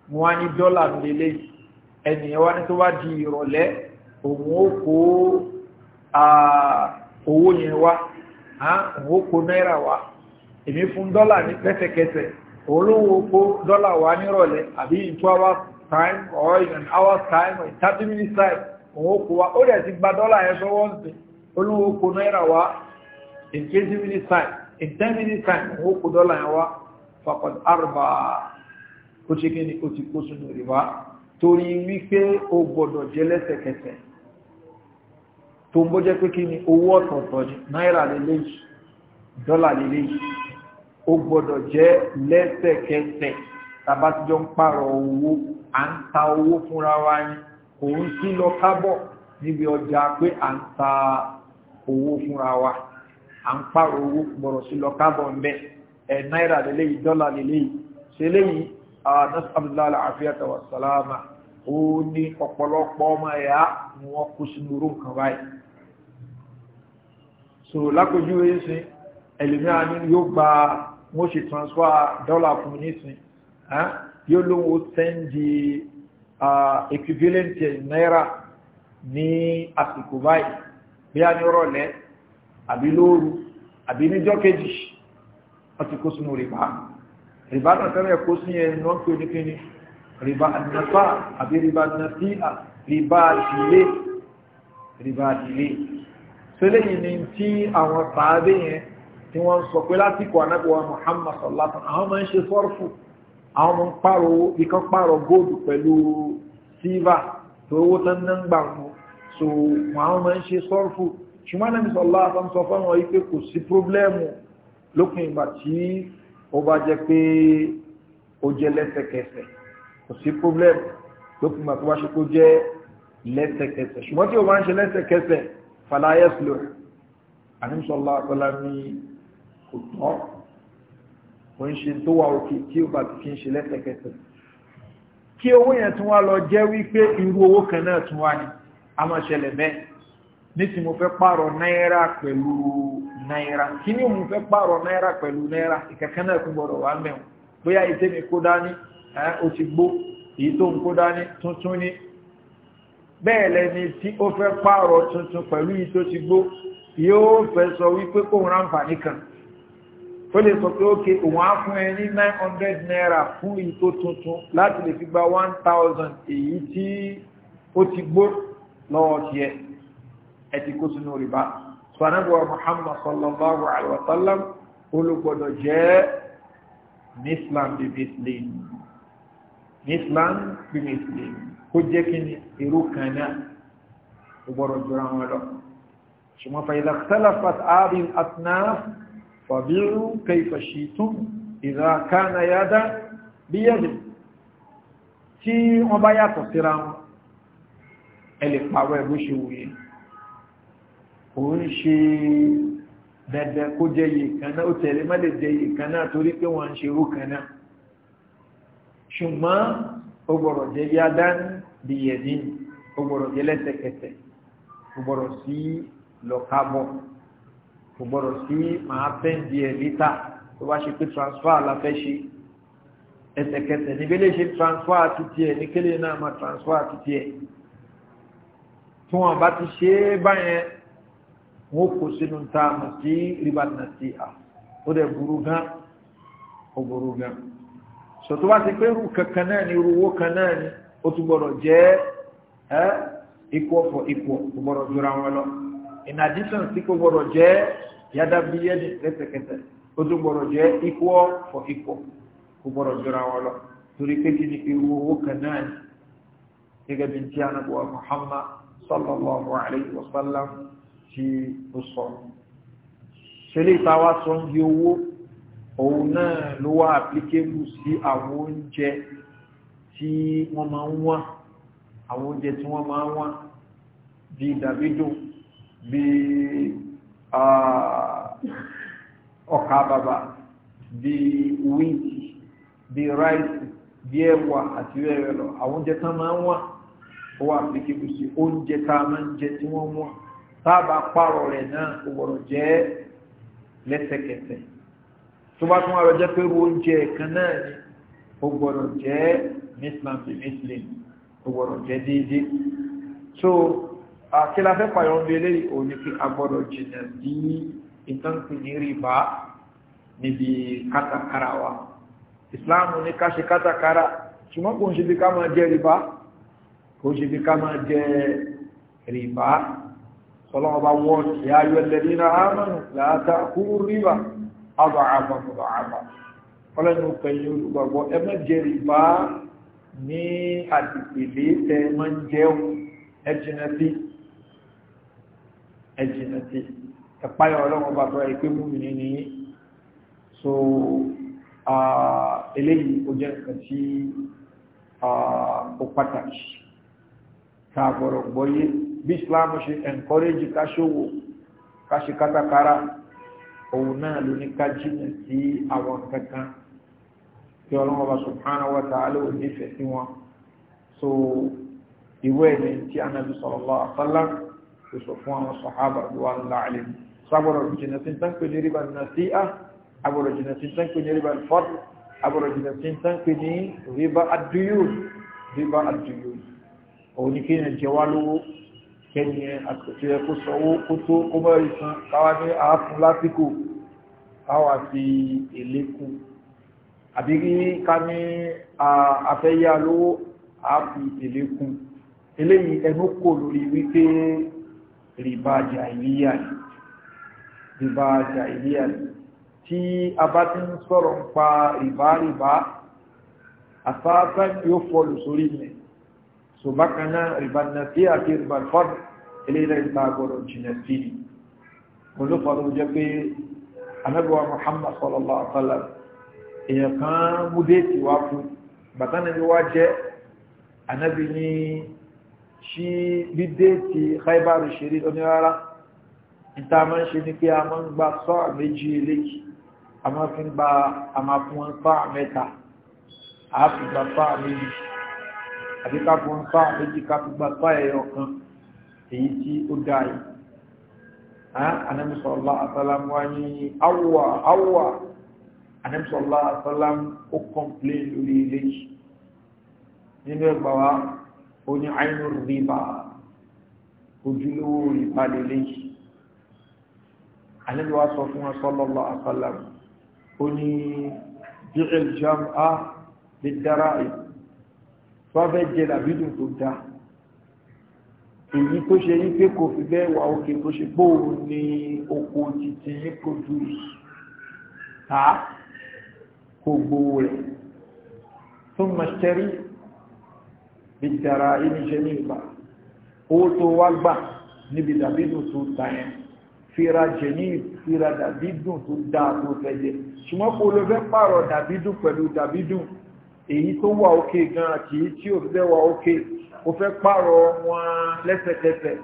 mo wá ní dọ́là lélẹ́yìí ẹnìyàn wá ní tó wá di ìrọ̀lẹ́ òun ó kó owó yẹn wá òun ó kó náírà wá èmi fún dọ́là ní pẹ́sẹ̀kẹsẹ̀ olówó kó dọ́là wá nírọ̀lẹ́ àbí in two hours time or in an hour time or in thirty minutes time òun ó kó wá ó dẹ̀ ti gba dọ́là yẹn sọ́wọ́ ń sìn olówó kó náírà wá in twenty minutes time in ten minutes time òun ó kó dọ́là yẹn wá faqad arba kó ṣe kí ni ó ti kó sínú rìbá. torí wípé o gbọdọ jẹ lẹ́sẹ̀kẹsẹ̀ tó ń bọ́jẹ́ pé kí ni owó ọ̀tọ̀ọ̀tọ̀ ni náírà lélẹ́yìí o gbọ́dọ̀ jẹ́ lẹ́sẹ̀kẹsẹ̀ tàbá ti ń owó à ń ta owó fúnra wa ni kò ń sí lọ kábọ̀ níbi ọjà pé à ń ta owó fúnra wa à ń owó lọ ń náírà ṣe nasalala alafiyata wa salama ó ní ọ̀pọ̀lọpọ̀ ọmọ ẹ̀yà ni wọ́n kó sínú orú nǹkan báyìí so lákòjú ẹ̀sìn ẹlòmíà ni yóò gba wọ́n ṣe transfer dọ́là fún nísìn yóò lóun ó sẹ́ndì equivalent náírà ní àsìkò báyìí bí a ní rọ̀lẹ́ àbí lóru àbí níjọ́ kejì àsìkò sínú rìbá rìbá náà fẹ́rẹ̀ kó sí ẹni wọ́n pè ní kíni rìbá nàfà àbí rìbá nàfíà rìbá ìdílé rìbá ìdílé sẹ́lẹ̀ yìí ni tí àwọn sàábé yẹn tí wọ́n sọ pé lásìkò anábíwá Muhammad sallallahu àwọn máa ń ṣe sọ́rfù àwọn máa ń pààrọ̀ ikán pààrọ̀ góòdù pẹ̀lú sílvà tó owó tán náà ń gbà wọn so àwọn máa ń ṣe sọ́rfù ṣùgbọ́n náà ní sọ ó bá jẹ́ pé ó jẹ́ lẹ́sẹ̀kẹsẹ̀ kò sí problem tó fi mà tó bá ṣe kó jẹ́ lẹ́sẹ̀kẹsẹ̀ ṣùgbọ́n tí ó bá ń ṣe lẹ́sẹ̀kẹsẹ̀ falayeslo àníṣọ́lá àtọ́lá ní kò tọ́ kò ń ṣe tó wà òkè tí ó bá ti fi ń ṣe lẹ́sẹ̀kẹsẹ̀ kí owó yẹn tún wá lọ jẹ́ wípé irú owó kan náà tún wá ní a máa ṣẹlẹ̀ bẹ́ẹ̀ nísì mo fẹ́ pààrọ̀ náírà pẹ̀lú náírà kí ni mo fẹ́ pààrọ̀ náírà pẹ̀lú náírà ìkẹ̀kẹ́ náà kún gbọ́dọ̀ wà mẹ́wọ̀n bóyá ètè mi kó dání ó ti gbó èyí tó ń kó dání tuntun ni bẹ́ẹ̀ lẹni tí ó fẹ́ pààrọ̀ tuntun pẹ̀lú èyí tó ti gbó yóò fẹ́ sọ wípé kóhun ráǹfààní kan ó lè sọ pé ókè òun á fún ẹ ní nine hundred naira fún èyí tó tuntun láti lè fi gba one thousand èyí tí ó ti gbó lọ́wọ́ tiẹ̀ ẹ̀tí kó sínú rìbá sanabuwa muhammad sallallahu alaihi wa sallam olùgbọ́dọ̀ jẹ́ nislam bí mislim nislam bí mislim kó jẹ́ kí ni irú kan náà ó gbọ́dọ̀ jọra wọn lọ ṣùgbọ́n fa idha ikhtalafat ààrí asnaf fàbírú kayfa shi'tum idha kana yada biyadin tí wọ́n bá yàtọ̀ síra wọn ẹ lè pàwọ́ ẹ̀ bó ṣe wù òun ṣe dandan kó jẹ iye kan náà ó tẹ̀lé má lè jẹ iye kan náà torí pé wọ́n ń ṣe irú kan náà ṣùgbọ́n ó gbọ́dọ̀ jẹ yádá bìyẹ̀dín ó gbọ́dọ̀ jẹ lẹ́sẹ̀kẹsẹ̀ ó gbọ́dọ̀ sí lọ́kábọ̀ kò gbọ́dọ̀ sí màá pẹ́ǹdì ẹ̀ lítà tó bá ṣe pé transfer la fẹ́ ṣe ẹsẹ̀kẹsẹ̀ níbi lè ṣe transfer títí ẹ̀ ní kéde náà máa transfer títí ẹ̀ tí wọ́n bá ti ṣe é báyẹn wọ́n kò sínú ta mọ̀ sí ribat nasi'a ó dẹ̀ burú gan ó burú gan sọ tó bá ti pé irú kankan náà ni irú owó kan náà ni ó tún gbọ́dọ̀ jẹ́ ẹ́ ikú ọ̀fọ̀ ikú kò gbọ́dọ̀ jura wọn lọ in addition sí kò gbọ́dọ̀ jẹ́ yadabiyẹ́ni lẹ́sẹ̀kẹsẹ̀ ó tún gbọ́dọ̀ jẹ́ ikú ọ̀fọ̀ ikú kò gbọ́dọ̀ jura wọn lọ torí pé kí ni irú owó kan náà ni gẹ́gẹ́ bí ti ànàbọ̀ Muhammad sallallahu alayhi wa tí ó sọ ṣẹlẹ̀ ìtawà sọ ń di owó òun náà ló wá àplíkébù sí àwọn oúnjẹ tí wọ́n máa ń wá àwọn oúnjẹ tí wọ́n máa ń wá bí davido bí ọkà bàbà bí wíìtì bí ráìsì bí ẹwà àti rẹ̀ lọ àwọn oúnjẹ tán máa ń wá ó wà àplíkébù sí oúnjẹ tá a máa ń jẹ tí wọ́n wọ́n tábà pààrọ̀ rẹ̀ náà kò gbọ́dọ̀ jẹ́ lẹ́sẹ̀kẹsẹ̀ tó bá tún àrọ̀ jẹ́ pé oúnjẹ kan náà ni kò gbọ́dọ̀ jẹ́ mislam fi mislam kò gbọ́dọ̀ jẹ́ déédé so àkílá fẹ́ pààrọ̀ ń belé òní pé a gbọ́dọ̀ jìnà bí nǹkan pè ní rìbá níbi kátàkárà wa islam ní ká ṣe kátàkárà ṣùgbọ́n kò ń ṣe bí ká máa jẹ rìbá kò ń ṣe bí ká máa jẹ rìbá ọlọ́wọ́ bá wọ́n ti ayọ́ lẹ́bí na ámànù láta kúrú ríwà àbà àbà fọ̀dọ̀ àbà ọlọ́nu pẹ̀lú olùgbàgbọ́ ẹmẹ́ jẹ́rì bá ní àdìpèlé tẹ mọ́ ń jẹun ẹjìnàtí ẹ̀páyọ̀ ọlọ́wọ́ bá tọ́ ẹ̀pẹ́ múmi ní so eléyìí bí islam ṣe encourage káṣòwò káṣe kátàkárà òun náà ló ní ká jìnà sí àwọn kankan tí ọlọ́wọ́ bá subhanahu wa ta'ala ò nífẹ̀ẹ́ sí wọn so ìwé ẹni tí anabi sallallahu alaihi wasallam kò sọ fún àwọn sọ̀hábà lọ́wọ́ ńlá àlẹ́ sábọ̀rọ̀ jìnà sí tán pé ní ríbà nasi'a abọ̀rọ̀ jìnà sí tán pé ní ríbà fọ́d abọ̀rọ̀ jìnà sí tán pé ní ríbà ad-duyun ríbà ad-duyun òun ni kí ni jẹ wá lówó kẹ́ni ẹ àtẹ̀tẹ̀ ẹ kó sọ owó kó tó kó mọ́ ìsan káwá ní àáfún lásìkò káwá fi èlé kù ká ní afẹ́yà lówó àáfi èlé kù eléyìí kò lórí wípé rìbá jàìlíyà ni rìbá jàìlíyà tí a bá ti ń sọ̀rọ̀ ń pa rìbá rìbá àsáàtà yóò fọlù sórí mi so bákan náà rìbá nàfí àti rìbá fọ́d eléyìí ìta gbọdọ̀ jìnà sí muhammad sallallahu alaihi wa sallam èèyàn kan mú déètì wá fún bàtà nàbí wá jẹ́ anábí ní ṣí bí déètì khaibaru ṣeré onírárá ìta máa ń ṣe gba sọ́ọ̀ méjì eléyìí a máa fi ń gba a máa a fi gba sọ́ọ̀ méjì àbí ká fún sá méjì ká fi gba sá ẹyọ kan èyí tí ó dá yìí anamisọ̀lá asálám wá ní awùwà awùwà anamisọ̀lá asálám ó kọ́mplé lórí ilé yìí nínú ẹgbà wa ó ní àìnú rìbá ojúlówó rìbá lélẹ́ yìí anamisọ̀lá sọ fún asọ́lọ́lá asálám ó ní bíi ìjọba lè dára ìpè wọ́n fẹ́ jẹ dàbídùn tó dá èyí tó ṣe yí pé kò fi bẹ́ẹ̀ wà òkè tó ṣe pé òun ni oko títí yí produce ta kò gbowó rẹ̀ tó mọ̀ ṣẹ́rí ìjàrá iléeṣẹ́ ní ìgbà owó tó wá gbà níbi dàbídùn tó ta yẹn fira jẹ̀ní fira dàbídùn tó dáa tó fẹ́ jẹ ṣùgbọ́n kò ló fẹ́ pààrọ̀ dàbídùn pẹ̀lú dàbídùn èyí tó wà òkè gan àti èyí tí ò fẹ́ wà òkè ó fẹ́ pààrọ̀ wọn lẹ́sẹ̀kẹsẹ̀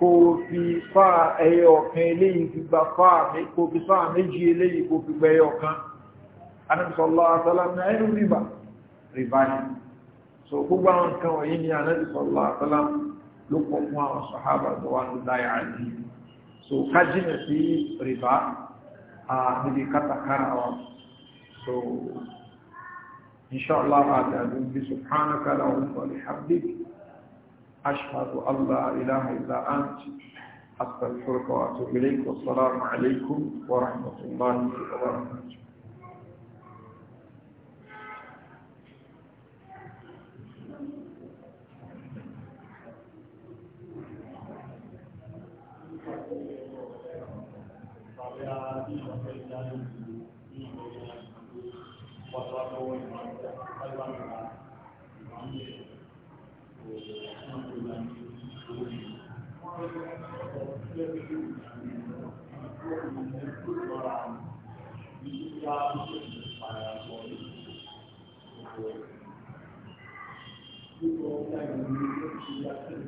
kó fi fà ẹyẹ ọ̀kan eléyìí fi gba kó fi fà méjì eléyìí kó fi gba ẹyẹ ọ̀kan anábìsọ̀lá àtàlámà ẹnu rìbá rìbá ni so gbogbo àwọn nǹkan wọ̀nyí ni anábìsọ̀lá àtàlámà ló pọ̀ fún àwọn sàhábà tó wà ní láyà àti so kájínà sí rìbá níbi kátàkárà wa so إن شاء الله أتعلم بسبحانك لهم ولحبك أشهد أن لا إله إلا أنت أستغفرك وأتوب إليك والسلام عليكم ورحمة الله وبركاته ìyá ṣe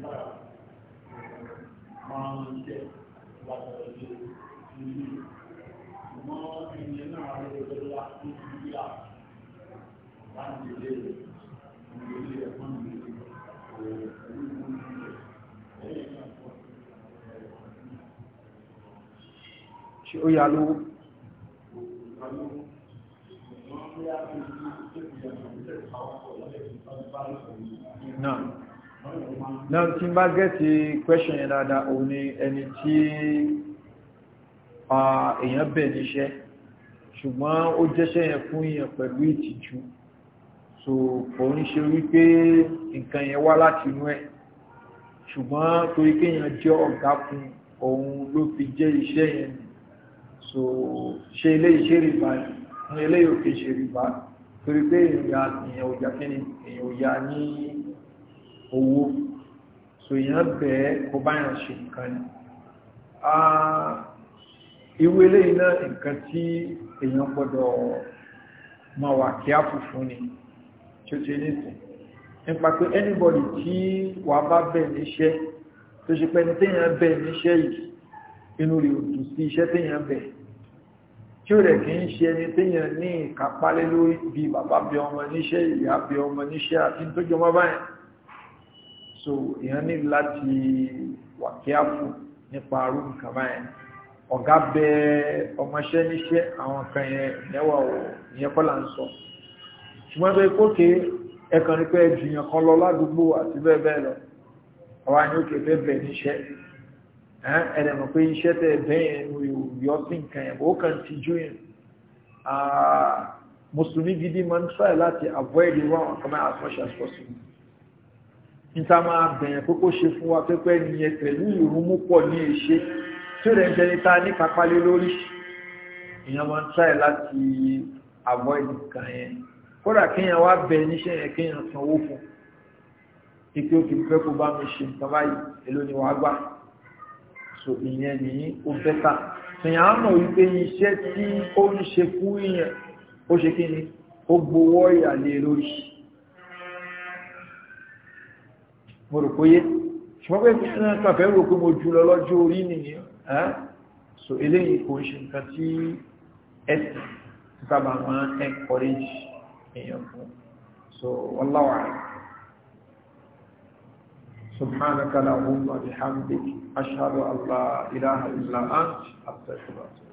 ó yà lówó náà náà tí bá gẹ́ẹ̀tì question yẹn dáadáa òun ni ẹni tí èèyàn bẹ̀ níṣẹ́ ṣùgbọ́n ó jẹ́ṣẹ́ yẹn fún èèyàn pẹ̀lú ìtìjú so òun ṣe wípé nǹkan yẹn wá láti inú ẹ̀ ṣùgbọ́n torí kéèyàn jẹ́ ọ̀gá fún òun ló fi jẹ́ iṣẹ́ yẹn ni so ṣe ilé iṣẹ́ rìbá ní ilé òkè ṣe rìbá torí pé èèyàn ò yá ní owó so èèyàn bẹ̀ẹ́ kó báyàn ṣe nǹkan ni ìwé eléyìí náà nǹkan tí èèyàn gbọ́dọ̀ máa wà kí á fùfún ni tí ó ti ní sùn nípa pé anybody tí wà bá bẹ̀ níṣẹ́ tó ṣe pẹ́ni téèyàn bẹ̀ níṣẹ́ yìí inú rẹ̀ ò dùn sí iṣẹ́ téèyàn bẹ̀ tí ó rẹ̀ kì í ṣe ẹni téèyàn ní ìkápálẹ́ lórí bí bàbá bí ọmọ níṣẹ́ ìyá bí ọmọ níṣẹ́ àti tó jọmọ́ báyìí so èèyàn ní láti wà kíáfù nípa arú nǹkan báyẹn ọ̀gá bẹ ọmọṣẹ́ níṣẹ́ àwọn kan yẹn ìyẹ́wà ò ìyẹn kọ́ là ń sọ ṣùgbọ́n tó kókè ẹ̀kan ní pé jùyàn kan lọ ládùúgbò àti bẹ́ẹ̀ bẹ́ẹ̀ lọ àwa ni ó kè fẹ́ bẹ̀ níṣẹ́ ẹ̀rẹ̀ mọ̀ pé iṣẹ́ tẹ̀ bẹ́ẹ̀ yọ sí nǹkan yẹn ó kàn ti jú yẹn mùsùlùmí gidi máa ń try láti avoid irú àwọn kan máa as much as possible níta máa bẹ̀yẹn pé kó ṣe fún wa pẹ́pẹ́ nìyẹn pẹ̀lú ìrúnmú pọ̀ ní èṣe tí ó rẹ̀ ń jẹni ta ní kápálé lórí èèyàn máa ń tráì láti avoid nǹkan yẹn kódà kéèyàn wá bẹ níṣẹ́ yẹn kéèyàn sanwó fún ike ó fi fẹ́ kó bá mi ṣe nǹkan báyìí èló ni wàá gbà so ìyẹn nìyí ó bẹ́tà èèyàn á mọ̀ wípé iṣẹ́ tí ó ń ṣe fún èèyàn ó ṣe kí ni ó gbowó ìyàlè lórí mo rò póyé ṣùgbọ́n pé kí náà kàfẹ́ rò pé mo jù lọ lọ́jọ́ orí nìyẹn so eléyìí kò ń ṣe nǹkan tí ẹ̀sìn tí sábà máa ń encourage èèyàn fún so wallahu a'lam سبحانك اللهم وبحمدك أشهد أن لا إله إلا أنت أستغفرك